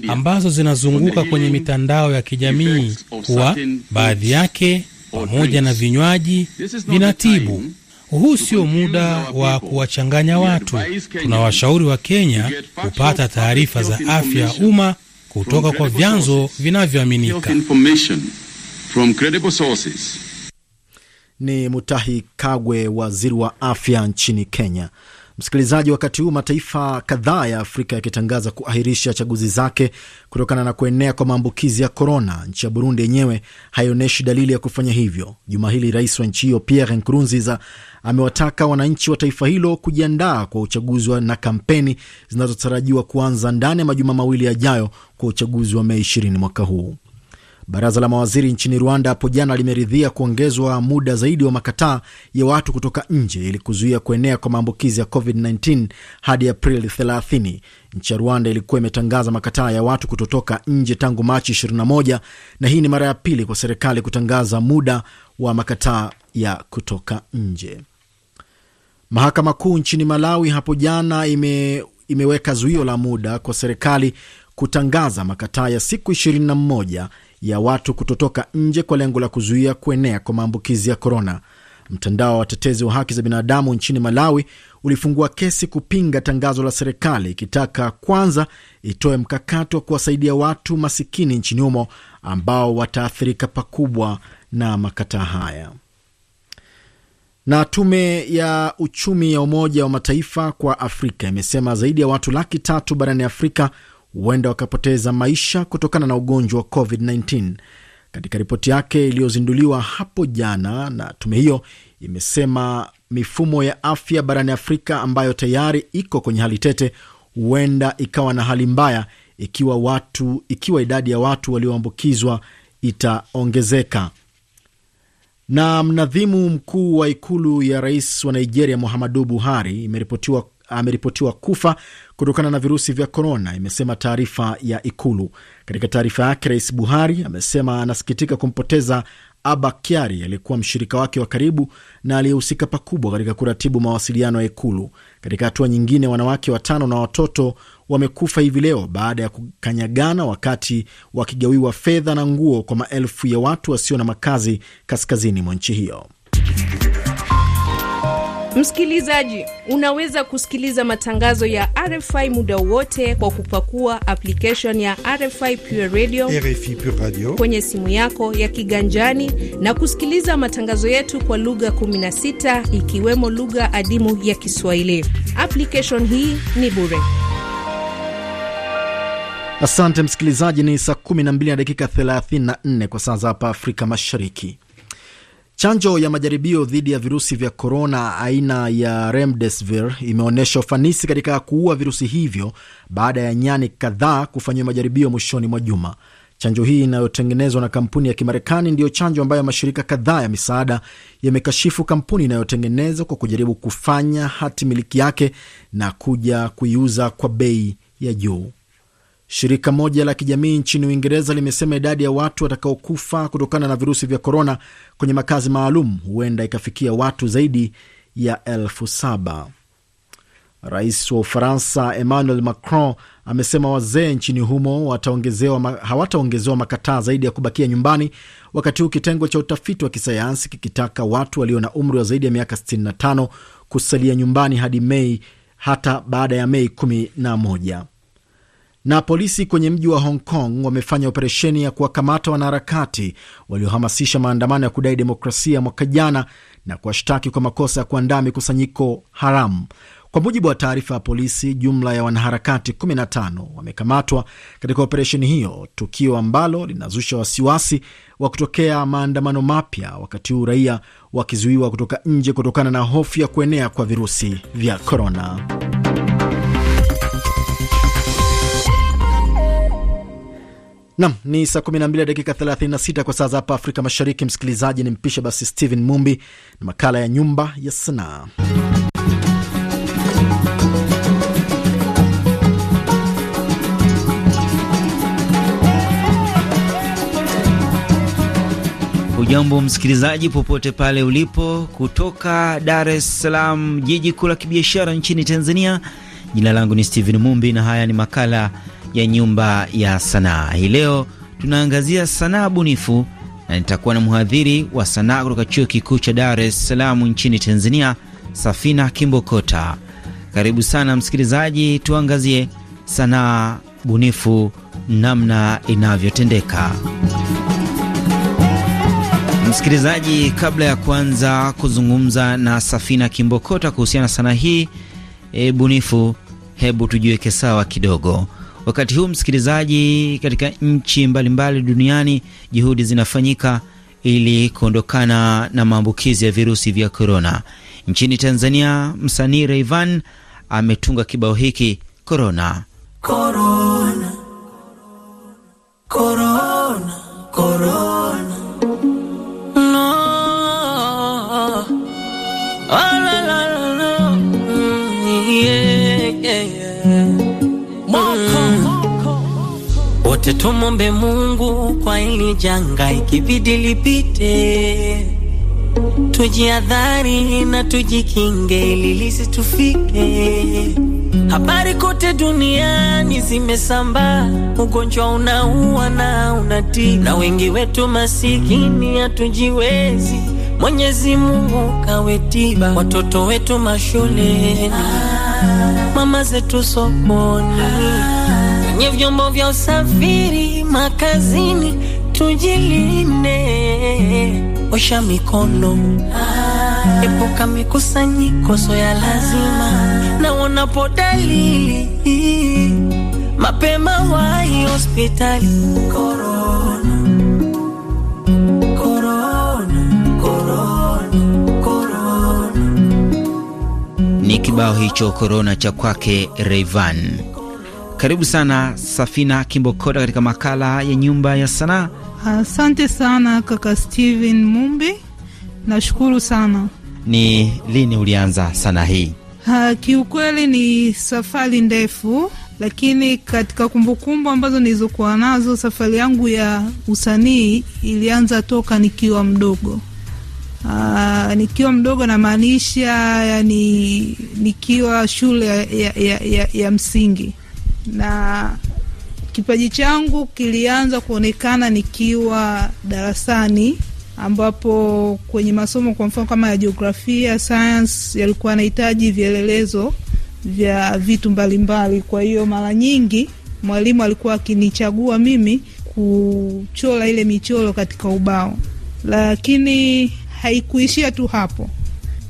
ambazo zinazunguka kwenye mitandao ya kijamii kuwa baadhi yake pamoja na vinywaji vinatibu. Huu sio muda wa kuwachanganya watu. Tunawashauri wa Kenya kupata taarifa za afya ya umma kutoka kwa vyanzo vinavyoaminika from credible sources. Ni Mutahi Kagwe, waziri wa afya nchini Kenya. Msikilizaji, wakati huu mataifa kadhaa ya Afrika yakitangaza kuahirisha chaguzi zake kutokana na kuenea kwa maambukizi ya korona, nchi ya Burundi yenyewe haionyeshi dalili ya kufanya hivyo. Juma hili rais wa nchi hiyo Pierre Nkurunziza amewataka wananchi wa taifa hilo kujiandaa kwa uchaguzi na kampeni zinazotarajiwa kuanza ndani ya majuma mawili yajayo kwa uchaguzi wa Mei 20 mwaka huu. Baraza la mawaziri nchini Rwanda hapo jana limeridhia kuongezwa muda zaidi wa makataa ya watu kutoka nje ili kuzuia kuenea kwa maambukizi ya COVID-19 hadi Aprili 30. Nchi ya Rwanda ilikuwa imetangaza makataa ya watu kutotoka nje tangu Machi 21 na hii ni mara ya pili kwa serikali kutangaza muda wa makataa ya kutoka nje. Mahakama Kuu nchini Malawi hapo jana ime, imeweka zuio la muda kwa serikali kutangaza makataa ya siku ya watu kutotoka nje kwa lengo la kuzuia kuenea kwa maambukizi ya korona. Mtandao wa watetezi wa haki za binadamu nchini Malawi ulifungua kesi kupinga tangazo la serikali ikitaka kwanza itoe mkakati wa kuwasaidia watu masikini nchini humo ambao wataathirika pakubwa na makataa haya. Na tume ya uchumi ya Umoja wa Mataifa kwa Afrika imesema zaidi ya watu laki tatu barani Afrika huenda wakapoteza maisha kutokana na ugonjwa wa COVID-19. Katika ripoti yake iliyozinduliwa hapo jana na tume hiyo imesema mifumo ya afya barani Afrika ambayo tayari iko kwenye hali tete huenda ikawa na hali mbaya ikiwa watu, ikiwa idadi ya watu walioambukizwa itaongezeka. Na mnadhimu mkuu wa ikulu ya rais wa Nigeria Muhammadu Buhari imeripotiwa ameripotiwa kufa kutokana na virusi vya korona, imesema taarifa ya Ikulu. Katika taarifa yake, Rais Buhari amesema anasikitika kumpoteza Aba Kyari aliyekuwa mshirika wake wa karibu na aliyehusika pakubwa katika kuratibu mawasiliano ya Ikulu. Katika hatua nyingine, wanawake watano na watoto wamekufa hivi leo baada ya kukanyagana wakati wakigawiwa fedha na nguo kwa maelfu ya watu wasio na makazi kaskazini mwa nchi hiyo. Msikilizaji, unaweza kusikiliza matangazo ya RFI muda wote kwa kupakua application ya RFI Pure Radio, RFI Pure Radio kwenye simu yako ya kiganjani na kusikiliza matangazo yetu kwa lugha 16 ikiwemo lugha adimu ya Kiswahili. Application hii ni bure. Asante msikilizaji, ni saa 12 na dakika 34 kwa saa za hapa Afrika Mashariki. Chanjo ya majaribio dhidi ya virusi vya korona aina ya remdesivir imeonyesha ufanisi katika kuua virusi hivyo baada ya nyani kadhaa kufanyiwa majaribio mwishoni mwa juma. Chanjo hii inayotengenezwa na kampuni ya Kimarekani ndiyo chanjo ambayo mashirika kadhaa ya misaada yamekashifu kampuni inayotengenezwa kwa kujaribu kufanya hati miliki yake na kuja kuiuza kwa bei ya juu. Shirika moja la kijamii nchini Uingereza limesema idadi ya watu watakaokufa kutokana na virusi vya korona kwenye makazi maalum huenda ikafikia watu zaidi ya elfu saba. Rais wa Ufaransa Emmanuel Macron amesema wazee nchini humo hawataongezewa makataa zaidi ya kubakia nyumbani, wakati huu kitengo cha utafiti wa kisayansi kikitaka watu walio na umri wa zaidi ya miaka 65 kusalia nyumbani hadi Mei, hata baada ya Mei 11. Na polisi kwenye mji wa Hong Kong wamefanya operesheni ya kuwakamata wanaharakati waliohamasisha maandamano ya kudai demokrasia mwaka jana na kuwashtaki kwa makosa ya kuandaa mikusanyiko haramu. Kwa mujibu wa taarifa ya polisi, jumla ya wanaharakati 15 wamekamatwa katika operesheni hiyo, tukio ambalo linazusha wasiwasi wa kutokea maandamano mapya, wakati huu raia wakizuiwa kutoka nje kutokana na hofu ya kuenea kwa virusi vya korona. Nam ni saa 12 dakika 36 kwa saa za hapa Afrika Mashariki. Msikilizaji ni mpishe basi Stephen Mumbi na makala ya Nyumba ya Sanaa. Ujambo msikilizaji, popote pale ulipo, kutoka Dar es Salaam, jiji kuu la kibiashara nchini Tanzania. Jina langu ni Stephen Mumbi na haya ni makala ya Nyumba ya Sanaa. Hii leo tunaangazia sanaa bunifu na nitakuwa na mhadhiri wa sanaa kutoka Chuo Kikuu cha Dar es Salaam nchini Tanzania, Safina Kimbokota. Karibu sana msikilizaji, tuangazie sanaa bunifu namna inavyotendeka. Msikilizaji, kabla ya kuanza kuzungumza na Safina Kimbokota kuhusiana na sanaa hii e, bunifu, hebu tujiweke sawa kidogo. Wakati huu msikilizaji, katika nchi mbalimbali duniani juhudi zinafanyika ili kuondokana na maambukizi ya virusi vya korona. Nchini Tanzania, msanii Rayvan ametunga kibao hiki korona korona korona korona Wote tumombe Mungu kwa ili janga, ikibidi lipite, tujiadhari na tujikinge ili lisitufike. Habari kote duniani zimesambaa, ugonjwa unaua na unatii, na wengi wetu masikini hatujiwezi. Mwenyezi Mungu kawe tiba, watoto wetu mashuleni, mama zetu sokoni kwenye vyombo vya usafiri, makazini, tujiline, osha mikono ah, epuka mikusanyiko sio ya lazima, na wanapo dalili mapema wahi hospitali. Corona, corona, corona, corona. Ni kibao hicho korona cha kwake Rayvanny. Karibu sana Safina Kimbokora katika makala ya nyumba ya sanaa. Asante sana kaka Steven Mumbi, nashukuru sana. Ni lini ulianza sanaa hii? Ha, kiukweli ni safari ndefu, lakini katika kumbukumbu ambazo nilizokuwa nazo, safari yangu ya usanii ilianza toka nikiwa mdogo. nikiwa mdogo namaanisha yani nikiwa shule ya, ya, ya, ya msingi na kipaji changu kilianza kuonekana nikiwa darasani ambapo kwenye masomo kwa mfano kama ya jiografia, sayansi yalikuwa anahitaji vielelezo vya vitu mbalimbali Kwa hiyo mara nyingi mwalimu alikuwa akinichagua mimi kuchola ile michoro katika ubao, lakini haikuishia tu hapo.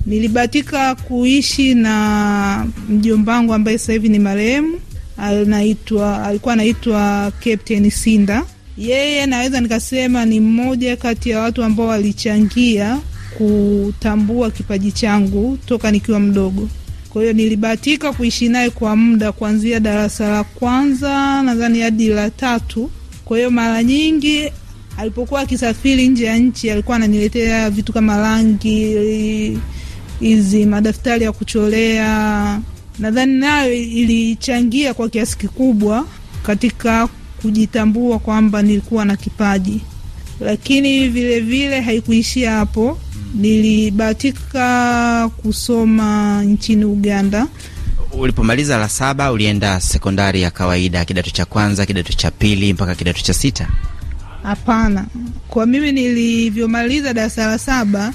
nilibatika kuishi na mjombangu ambaye sasa hivi ni marehemu anaitwa alikuwa anaitwa Captain Sinda. Yeye naweza nikasema ni mmoja kati ya watu ambao walichangia kutambua kipaji changu toka nikiwa mdogo. Kwa hiyo nilibahatika kuishi naye kwa muda kuanzia darasa la kwanza nadhani hadi la tatu. Kwa hiyo mara nyingi alipokuwa akisafiri nje ya nchi alikuwa ananiletea vitu kama rangi hizi, madaftari ya kucholea nadhani nayo ilichangia kwa kiasi kikubwa katika kujitambua kwamba nilikuwa na kipaji, lakini vilevile vile haikuishia hapo. Nilibahatika kusoma nchini Uganda. Ulipomaliza la saba, ulienda sekondari ya kawaida, kidato cha kwanza, kidato cha pili mpaka kidato cha sita? Hapana, kwa mimi nilivyomaliza darasa la saba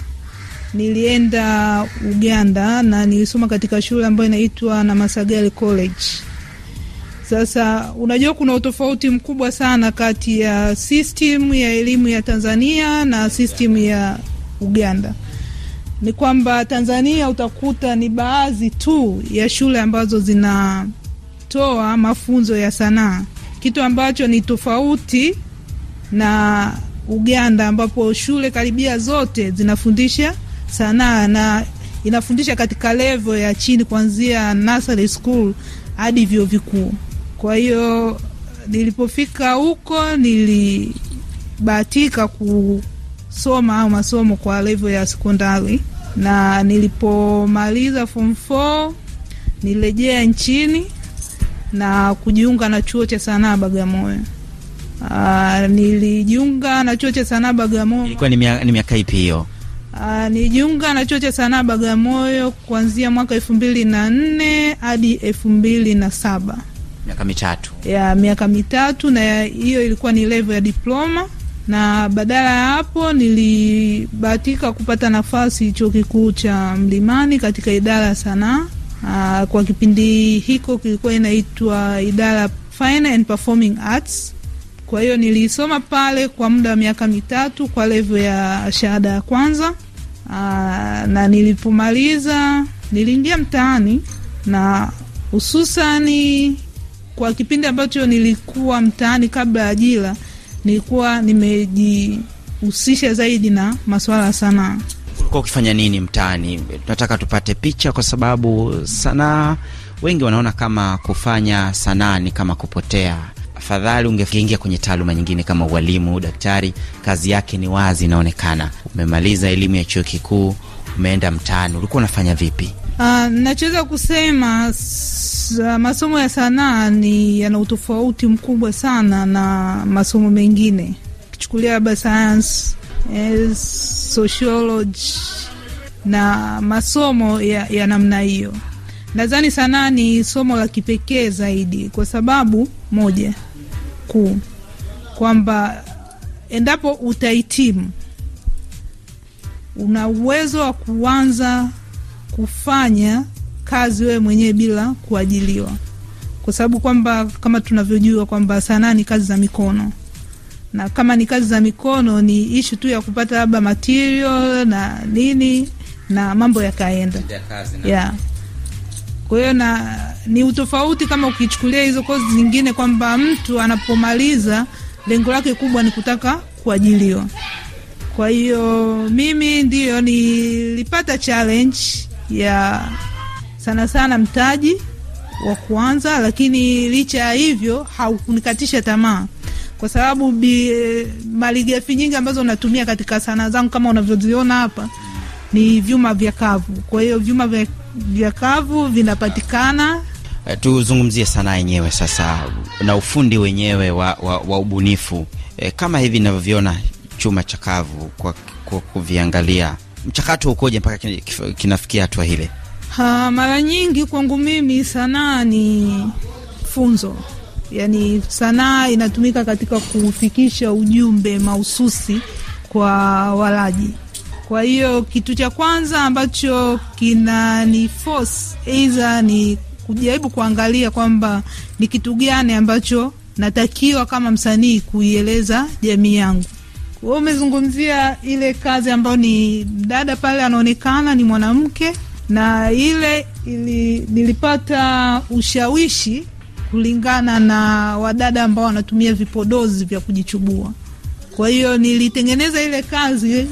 nilienda Uganda na nilisoma katika shule ambayo inaitwa Namasagali College. Sasa unajua kuna utofauti mkubwa sana kati ya system ya elimu ya Tanzania na system ya Uganda. Ni kwamba Tanzania utakuta ni baadhi tu ya shule ambazo zinatoa mafunzo ya sanaa, kitu ambacho ni tofauti na Uganda ambapo shule karibia zote zinafundisha sanaa na inafundisha katika level ya chini kuanzia nursery school hadi vyuo vikuu. Kwa hiyo nilipofika huko nilibahatika kusoma au masomo kwa levo ya sekondari, na nilipomaliza form 4 nilirejea nchini na kujiunga na chuo cha sanaa Bagamoyo. Uh, nilijiunga na chuo cha sanaa Bagamoyo. Ilikuwa ni miaka ipi hiyo? Ah, nijiunga na chuo cha sanaa Bagamoyo kuanzia mwaka elfu mbili na nne hadi elfu mbili na saba miaka mitatu ya miaka mitatu, na hiyo ilikuwa ni level ya diploma, na badala ya hapo nilibahatika kupata nafasi chuo kikuu cha Mlimani katika idara ya sanaa. Uh, kwa kipindi hiko kilikuwa inaitwa idara Fine and Performing Arts. Kwa hiyo nilisoma pale kwa muda wa miaka mitatu kwa level ya shahada ya kwanza Aa, ah, na nilipomaliza niliingia mtaani na hususani kwa kipindi ambacho nilikuwa mtaani kabla ya ajira, nilikuwa nimejihusisha zaidi na masuala ya sanaa. Ulikuwa ukifanya nini mtaani? Tunataka tupate picha, kwa sababu sanaa wengi wanaona kama kufanya sanaa ni kama kupotea. Afadhali ungeingia kwenye taaluma nyingine kama ualimu, daktari. Kazi yake ni wazi, inaonekana. Umemaliza elimu ya chuo kikuu, umeenda mtaani, ulikuwa unafanya vipi? Uh, ah, nachoweza kusema masomo ya sanaa ni yana utofauti mkubwa sana na masomo mengine, kichukulia labda sociology na masomo ya, ya namna hiyo. Nadhani sanaa ni somo la kipekee zaidi kwa sababu moja kuu kwamba endapo utahitimu, una uwezo wa kuanza kufanya kazi wewe mwenyewe bila kuajiliwa, kwa sababu kwamba kama tunavyojua kwamba sanaa ni kazi za mikono, na kama ni kazi za mikono ni ishu tu ya kupata labda material na nini na mambo yakaenda ya. Kwa hiyo na ni utofauti kama ukichukulia hizo kozi zingine, kwamba mtu anapomaliza lengo lake kubwa ni kutaka kuajiliwa. Kwa hiyo mimi ndiyo nilipata challenge ya sana sana mtaji wa kuanza, lakini licha ya hivyo haukunikatisha tamaa, kwa sababu malighafi nyingi ambazo natumia katika sanaa zangu kama unavyoziona hapa ni vyuma vya kavu. Kwa hiyo vyuma vya kavu vinapatikana Eh, tuzungumzie sanaa yenyewe sasa na ufundi wenyewe wa, wa, wa ubunifu e, kama hivi inavyoviona chuma chakavu kwa, kwa kuviangalia mchakato ukoje mpaka kinafikia hatua hile Ha, mara nyingi kwangu mimi sanaa ni funzo, yani sanaa inatumika katika kufikisha ujumbe mahususi kwa walaji. Kwa hiyo kitu cha kwanza ambacho ni force eidha ni kujaribu kuangalia kwamba ni kitu gani ambacho natakiwa kama msanii kuieleza jamii yangu. Wewe umezungumzia ile kazi ambayo ni dada pale anaonekana ni mwanamke, na ile ili, nilipata ushawishi kulingana na wadada ambao wanatumia vipodozi vya kujichubua. Kwa hiyo nilitengeneza ile kazi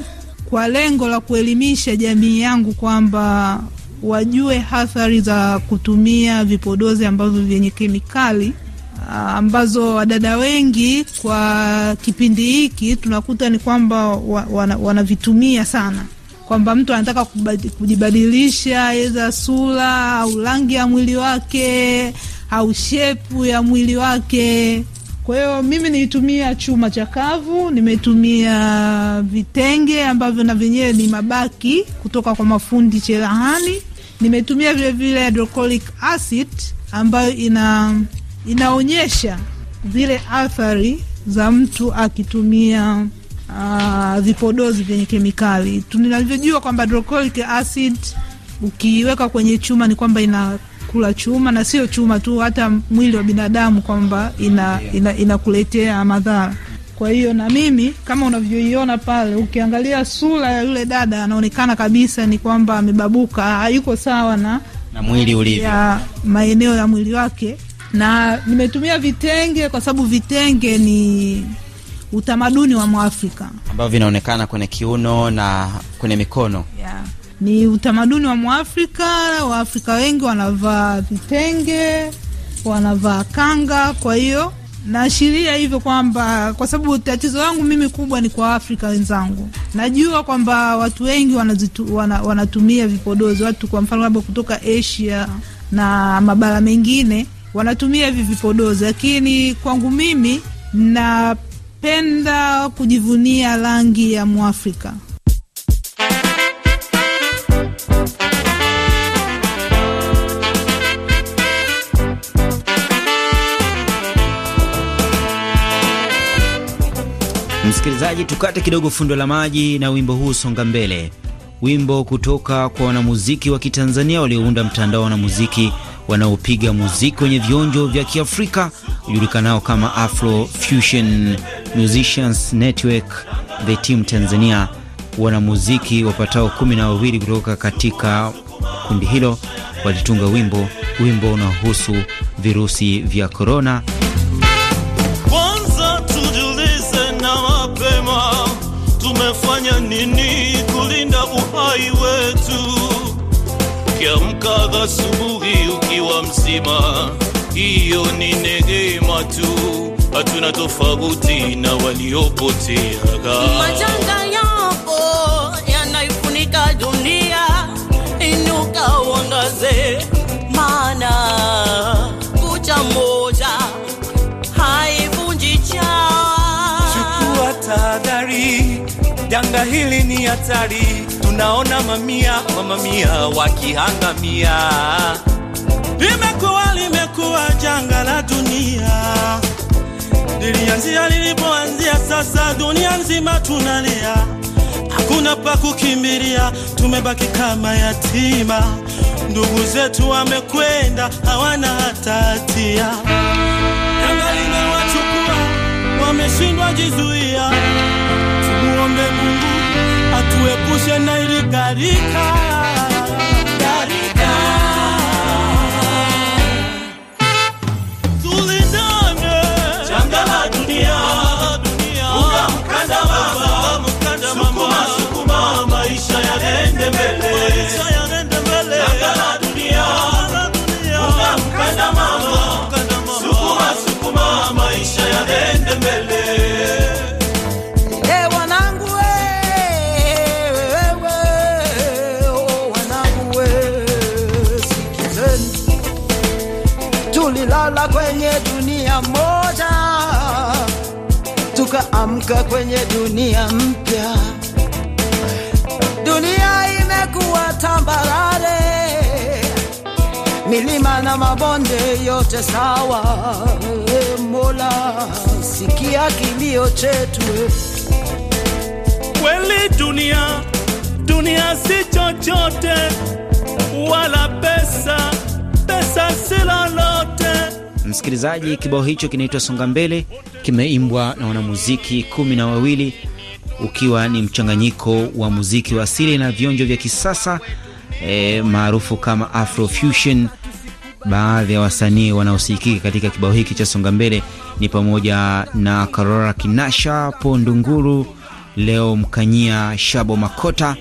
kwa lengo la kuelimisha jamii yangu kwamba wajue hathari za kutumia vipodozi ambavyo vyenye kemikali ah, ambazo wadada wengi kwa kipindi hiki tunakuta ni kwamba wanavitumia wana sana, kwamba mtu anataka kujibadilisha eza sura au rangi ya mwili wake au shepu ya mwili wake. Kwa hiyo mimi nilitumia chuma chakavu, nimetumia vitenge ambavyo na vyenyewe ni mabaki kutoka kwa mafundi cherehani Nimetumia vilevile hydrochloric acid ambayo ina inaonyesha zile athari za mtu akitumia uh, vipodozi vyenye kemikali. Tunavyojua kwamba hydrochloric acid ukiweka kwenye chuma ni kwamba inakula chuma na sio chuma tu, hata mwili wa binadamu kwamba inakuletea ina, ina madhara kwa hiyo na mimi kama unavyoiona pale, ukiangalia sura ya yule dada anaonekana kabisa ni kwamba amebabuka, hayuko sawa na na mwili ulivyo, maeneo ya mwili wake, na nimetumia vitenge kwa sababu vitenge ni utamaduni wa Mwafrika ambao vinaonekana kwenye kiuno na kwenye mikono yeah. Ni utamaduni wa Mwafrika. Waafrika wengi wanavaa vitenge, wanavaa kanga, kwa hiyo naashiria hivyo kwamba kwa sababu tatizo langu mimi kubwa ni kwa afrika wenzangu. Najua kwamba watu wengi wanazitu, wana, wanatumia vipodozi watu, kwa mfano labda kutoka Asia na mabara mengine wanatumia hivi vipodozi, lakini kwangu mimi napenda kujivunia rangi ya Mwafrika. Msikilizaji, tukate kidogo fundo la maji na wimbo huu songa mbele, wimbo kutoka kwa wanamuziki wa Kitanzania waliounda mtandao wa wanamuziki wanaopiga muziki wenye vionjo vya Kiafrika ujulikanao kama Afro Fusion Musicians Network, the team Tanzania. Wanamuziki wapatao kumi na wawili kutoka katika kundi hilo walitunga wimbo, wimbo unaohusu virusi vya korona. ukiamka asubuhi ukiwa mzima, hiyo ni neema tu, hatuna tofauti na waliopotea. Majanga yapo yanaifunika dunia, inuka uangaze, maana kucha moja haivunji cha. Chukua tahadhari, janga hili ni hatari unaona mamia mamamia wakihangamia. Limekuwa limekuwa janga la dunia, lilianzia lilipoanzia, sasa dunia nzima tunalia, hakuna pa kukimbilia, tumebaki kama yatima. Ndugu zetu wamekwenda, hawana hata hatia, janga limewachukua, wameshindwa jizuia tuepushe na ilikarika amka amka kwenye dunia mpya. Dunia imekuwa tambarare, milima na mabonde yote sawa. Mola, sikia kilio chetu. Kweli dunia dunia si chochote, wala pesa pesa si lolote Msikilizaji, kibao hicho kinaitwa Songa Mbele, kimeimbwa na wanamuziki kumi na wawili ukiwa ni mchanganyiko wa muziki wa asili na vionjo vya kisasa e, maarufu kama Afrofusion. Baadhi ya wasanii wanaosikika katika kibao hiki cha Songa Mbele ni pamoja na Karora Kinasha, pondunguru Leo Mkanyia, Shabo Makota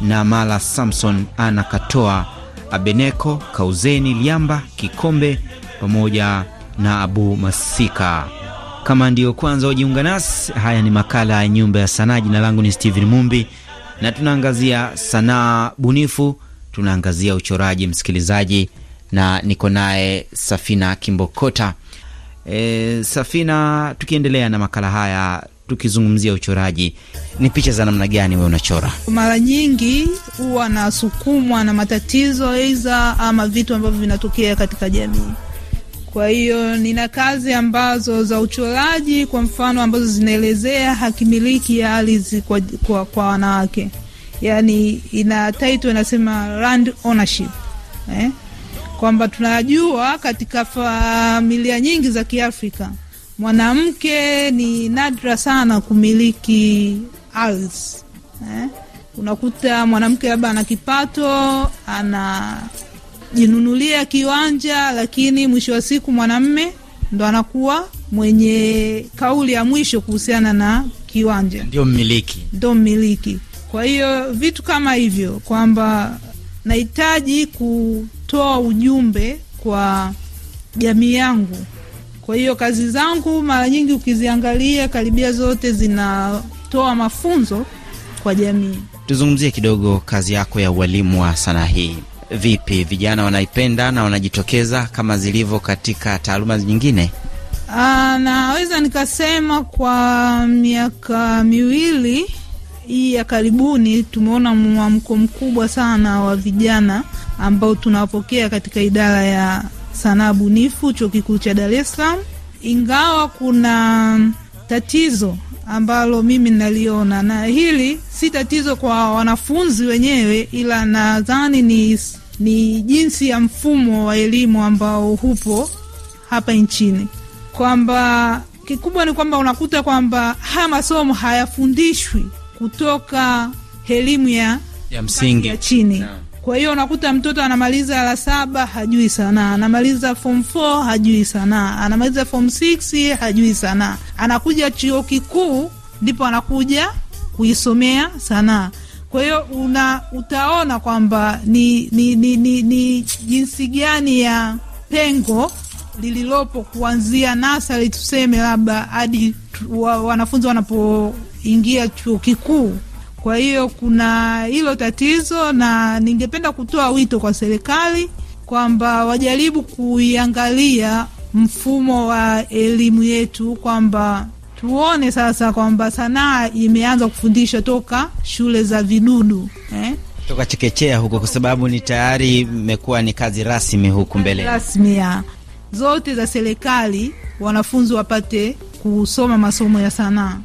na Mala Samson, Ana Katoa, Abeneko Kauzeni, Liamba Kikombe pamoja na Abu Masika. Kama ndiyo kwanza wajiunga nasi, haya ni makala ya Nyumba ya Sanaa. Jina langu ni Steven Mumbi na tunaangazia sanaa bunifu, tunaangazia uchoraji, msikilizaji, na niko naye Safina Kimbokota. E, Safina, tukiendelea na makala haya tukizungumzia uchoraji, ni picha za namna gani wewe unachora? Mara nyingi huwa nasukumwa na matatizo aidha ama vitu ambavyo vinatokea katika jamii kwa hiyo nina kazi ambazo za uchoraji kwa mfano ambazo zinaelezea hakimiliki ya ardhi kwa, kwa, kwa wanawake, yaani ina title inasema land ownership eh? kwamba tunajua katika familia nyingi za Kiafrika mwanamke ni nadra sana kumiliki ardhi eh? Unakuta mwanamke labda ana kipato ana jinunulia kiwanja, lakini mwisho wa siku mwanamme ndo anakuwa mwenye kauli ya mwisho kuhusiana na kiwanja, ndio mmiliki, ndio mmiliki. Kwa hiyo vitu kama hivyo kwamba nahitaji kutoa ujumbe kwa jamii yangu. Kwa hiyo kazi zangu mara nyingi ukiziangalia, karibia zote zinatoa mafunzo kwa jamii. Tuzungumzie kidogo kazi yako ya ualimu wa sanaa hii vipi, vijana wanaipenda na wanajitokeza kama zilivyo katika taaluma nyingine? Ah, naweza nikasema kwa miaka miwili hii ya karibuni tumeona mwamko mkubwa sana wa vijana ambao tunawapokea katika idara ya sanaa bunifu chuo kikuu cha Dar es Salaam, ingawa kuna tatizo ambalo mimi naliona, na hili si tatizo kwa wanafunzi wenyewe, ila nadhani ni, ni jinsi ya mfumo wa elimu ambao hupo hapa nchini, kwamba kikubwa ni kwamba unakuta kwamba haya masomo hayafundishwi kutoka elimu ya ya msingi ya chini no. Kwa hiyo unakuta mtoto anamaliza la saba hajui sanaa, anamaliza form 4 hajui sanaa, anamaliza form 6 hajui sanaa, anakuja chuo kikuu ndipo anakuja kuisomea sanaa. Kwa hiyo una utaona kwamba ni, ni, ni, ni, ni jinsi gani ya pengo lililopo kuanzia nasari tuseme labda hadi wanafunzi wanapoingia chuo kikuu. Kwa hiyo kuna hilo tatizo, na ningependa kutoa wito kwa serikali kwamba wajaribu kuiangalia mfumo wa elimu yetu, kwamba tuone sasa kwamba sanaa imeanza kufundishwa toka shule za vidudu eh? toka chekechea huko, kwa sababu ni tayari imekuwa ni kazi rasmi huku mbele rasmi ya zote za serikali, wanafunzi wapate kusoma masomo ya sanaa,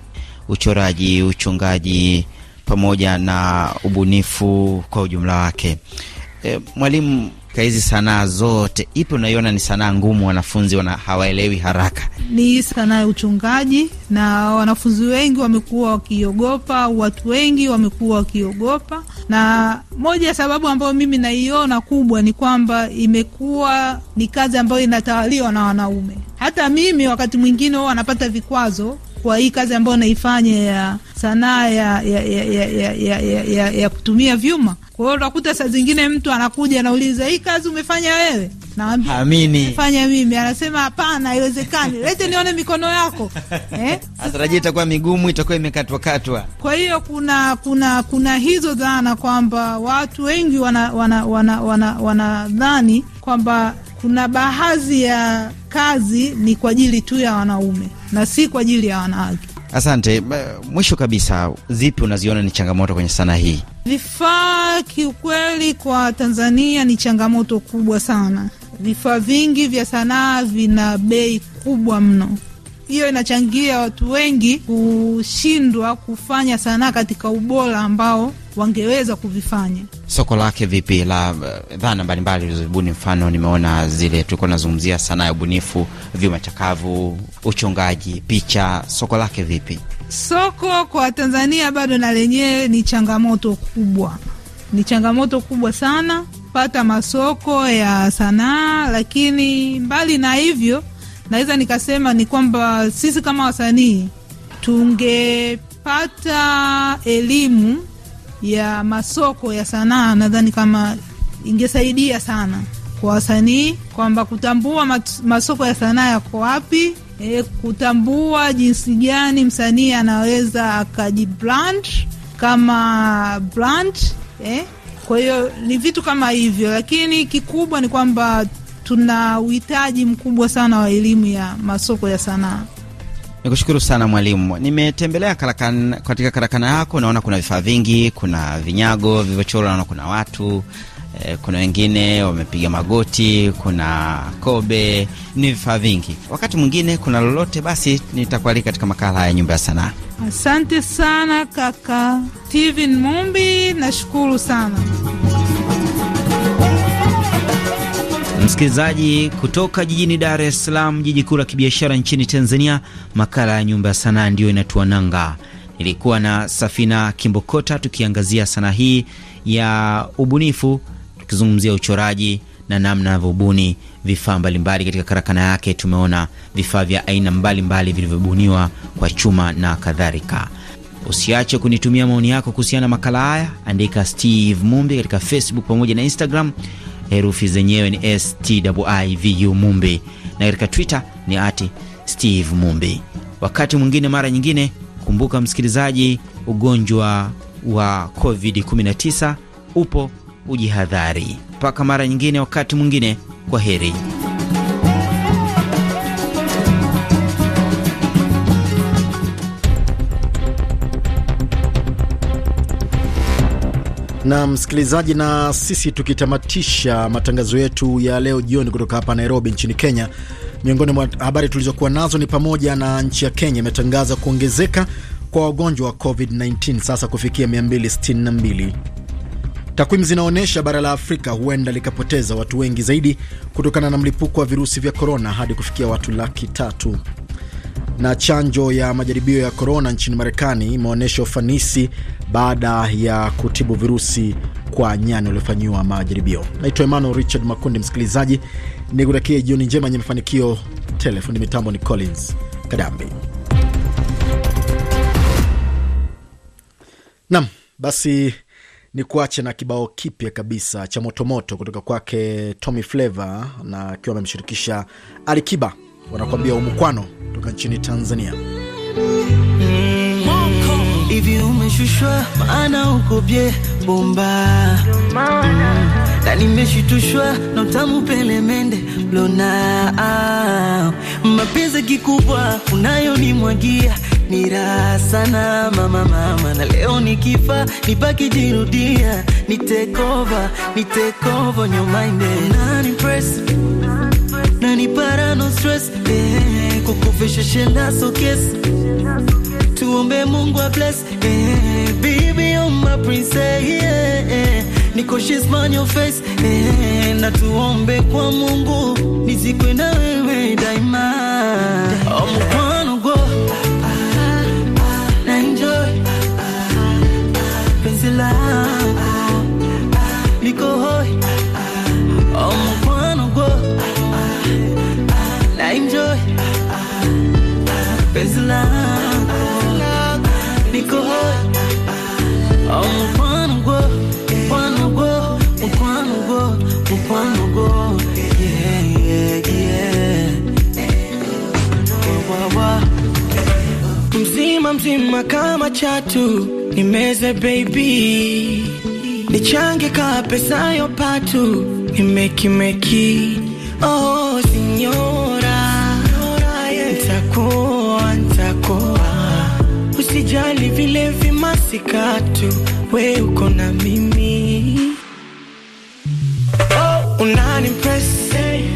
uchoraji, uchungaji pamoja na ubunifu kwa ujumla wake. E, mwalimu, ka hizi sanaa zote ipi unaiona ni sanaa ngumu, wanafunzi wana hawaelewi haraka? Ni sanaa ya uchungaji na wanafunzi wengi wamekuwa wakiogopa, watu wengi wamekuwa wakiogopa, na moja ya sababu ambayo mimi naiona kubwa ni kwamba imekuwa ni kazi ambayo inatawaliwa na wanaume. Hata mimi wakati mwingine huwa wanapata vikwazo kwa hii kazi ambayo naifanya ya sanaa ya, ya, ya, ya, ya, ya, ya, ya kutumia vyuma. Kwa hiyo utakuta saa zingine mtu anakuja anauliza, hii kazi umefanya wewe? Naambia fanya mimi, anasema hapana, haiwezekani, lete nione mikono yako eh? Atarajia itakuwa migumu, itakuwa imekatwakatwa. Kwa hiyo kuna kuna kuna hizo dhana kwamba watu wengi wana wana, wana, wana, wana kwamba kuna baadhi ya kazi ni kwa ajili tu ya wanaume na si kwa ajili ya wanawake. Asante. Mwisho kabisa, zipi unaziona ni changamoto kwenye sanaa hii? Vifaa kiukweli, kwa Tanzania ni changamoto kubwa sana. Vifaa vingi vya sanaa vina bei kubwa mno hiyo inachangia watu wengi kushindwa kufanya sanaa katika ubora ambao wangeweza kuvifanya. Soko lake vipi la eh, dhana mbalimbali ulizozibuni? Mfano, nimeona zile tulikuwa nazungumzia sanaa ya ubunifu, vyuma chakavu, uchongaji, picha. Soko lake vipi? Soko kwa Tanzania bado na lenyewe ni changamoto kubwa, ni changamoto kubwa sana pata masoko ya sanaa, lakini mbali na hivyo naweza nikasema ni kwamba sisi kama wasanii tungepata elimu ya masoko ya sanaa, nadhani kama ingesaidia sana kwa wasanii kwamba kutambua masoko ya sanaa yako wapi, e, kutambua jinsi gani msanii anaweza akajibrand kama brand e. Kwa hiyo ni vitu kama hivyo, lakini kikubwa ni kwamba tuna uhitaji mkubwa sana wa elimu ya masoko ya sanaa. Nikushukuru sana mwalimu. Nimetembelea karakana, katika karakana yako naona kuna vifaa vingi, kuna vinyago vilivyochorwa, naona kuna watu eh, kuna wengine wamepiga magoti, kuna kobe, ni vifaa vingi. Wakati mwingine kuna lolote, basi nitakualika katika makala ya nyumba ya sanaa. Asante sana kaka Steven Mumbi, nashukuru sana. Msikilizaji kutoka jijini Dar es Salaam, jiji kuu la kibiashara nchini Tanzania. Makala ya Nyumba ya Sanaa ndiyo inatuananga. Nilikuwa na Safina Kimbokota tukiangazia sanaa hii ya ubunifu, tukizungumzia uchoraji na namna anavyobuni vifaa mbalimbali katika karakana yake. Tumeona vifaa vya aina mbalimbali vilivyobuniwa kwa chuma na kadhalika. Usiache kunitumia maoni yako kuhusiana na makala haya, andika Steve Mumbi katika Facebook pamoja na Instagram herufi zenyewe ni stwivu Mumbi, na katika Twitter ni ati Steve Mumbi. Wakati mwingine, mara nyingine, kumbuka msikilizaji, ugonjwa wa COVID-19 upo, ujihadhari. Mpaka mara nyingine, wakati mwingine, kwa heri. na msikilizaji, na sisi tukitamatisha matangazo yetu ya leo jioni kutoka hapa Nairobi nchini Kenya, miongoni mwa habari tulizokuwa nazo ni pamoja na nchi ya Kenya imetangaza kuongezeka kwa wagonjwa wa COVID-19 sasa kufikia 262. Takwimu zinaonyesha bara la Afrika huenda likapoteza watu wengi zaidi kutokana na mlipuko wa virusi vya korona hadi kufikia watu laki tatu. Na chanjo ya majaribio ya korona nchini Marekani imeonyesha ufanisi baada ya kutibu virusi kwa nyani waliofanyiwa majaribio. Naitwa Emmanuel Richard Makundi. Msikilizaji, ni kutakie jioni njema yenye mafanikio. Telefoni mitambo ni Collins Kadambi. Nam basi ni kuache na kibao kipya kabisa cha motomoto kutoka kwake Tommy Flavour na akiwa amemshirikisha Alikiba wanakuambia umukwano toka nchini Tanzania. Hivi umeshushwa maana uko bye bomba na nimeshitushwa na utamu pelemende lona mapenzi kikubwa unayonimwagia ni raha sana mama, mama, na leo nikifa nibaki jirudia, nitekova nitekovo nyomainde nani para no stress eh, kukufisha shenda so kiss tuombe Mungu a bless eh, baby you're my princess yeah, eh, niko she's man your face eh, na tuombe kwa Mungu nizikwe na wewe daima, daima. penzi langu mzima mzima kama chatu nimeze baby nichange ka pesa yo patu nimekimeki oh. Sijali vile vimasikatu, we uko na mimi, oh, unanimpress hey.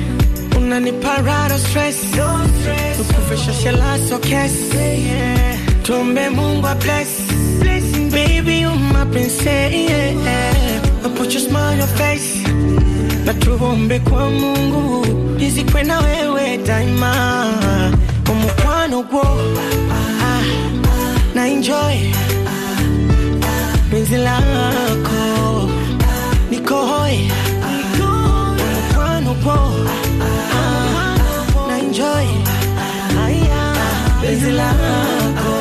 parado stress, no stress, ukufesha shela so kesi yeah. Tumbe Mungu a bless, blessing baby you my princess yeah. I put your smile on your face na tuombe kwa Mungu nizikwe na wewe daima umukwano ah na enjoy penzi lako niko hoi na enjoy penzi lako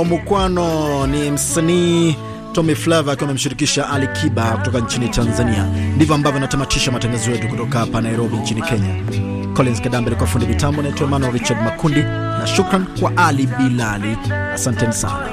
Omukwano ni msanii Tommy Flava akiwa amemshirikisha Ali Kiba kutoka nchini Tanzania. Ndivyo ambavyo anatamatisha matangazo yetu kutoka hapa Nairobi nchini Kenya. Collins Kadambe alikuwa fundi mitambo, naitwa Emmanuel Richard Makundi na shukran kwa Ali Bilali. Asanteni sana.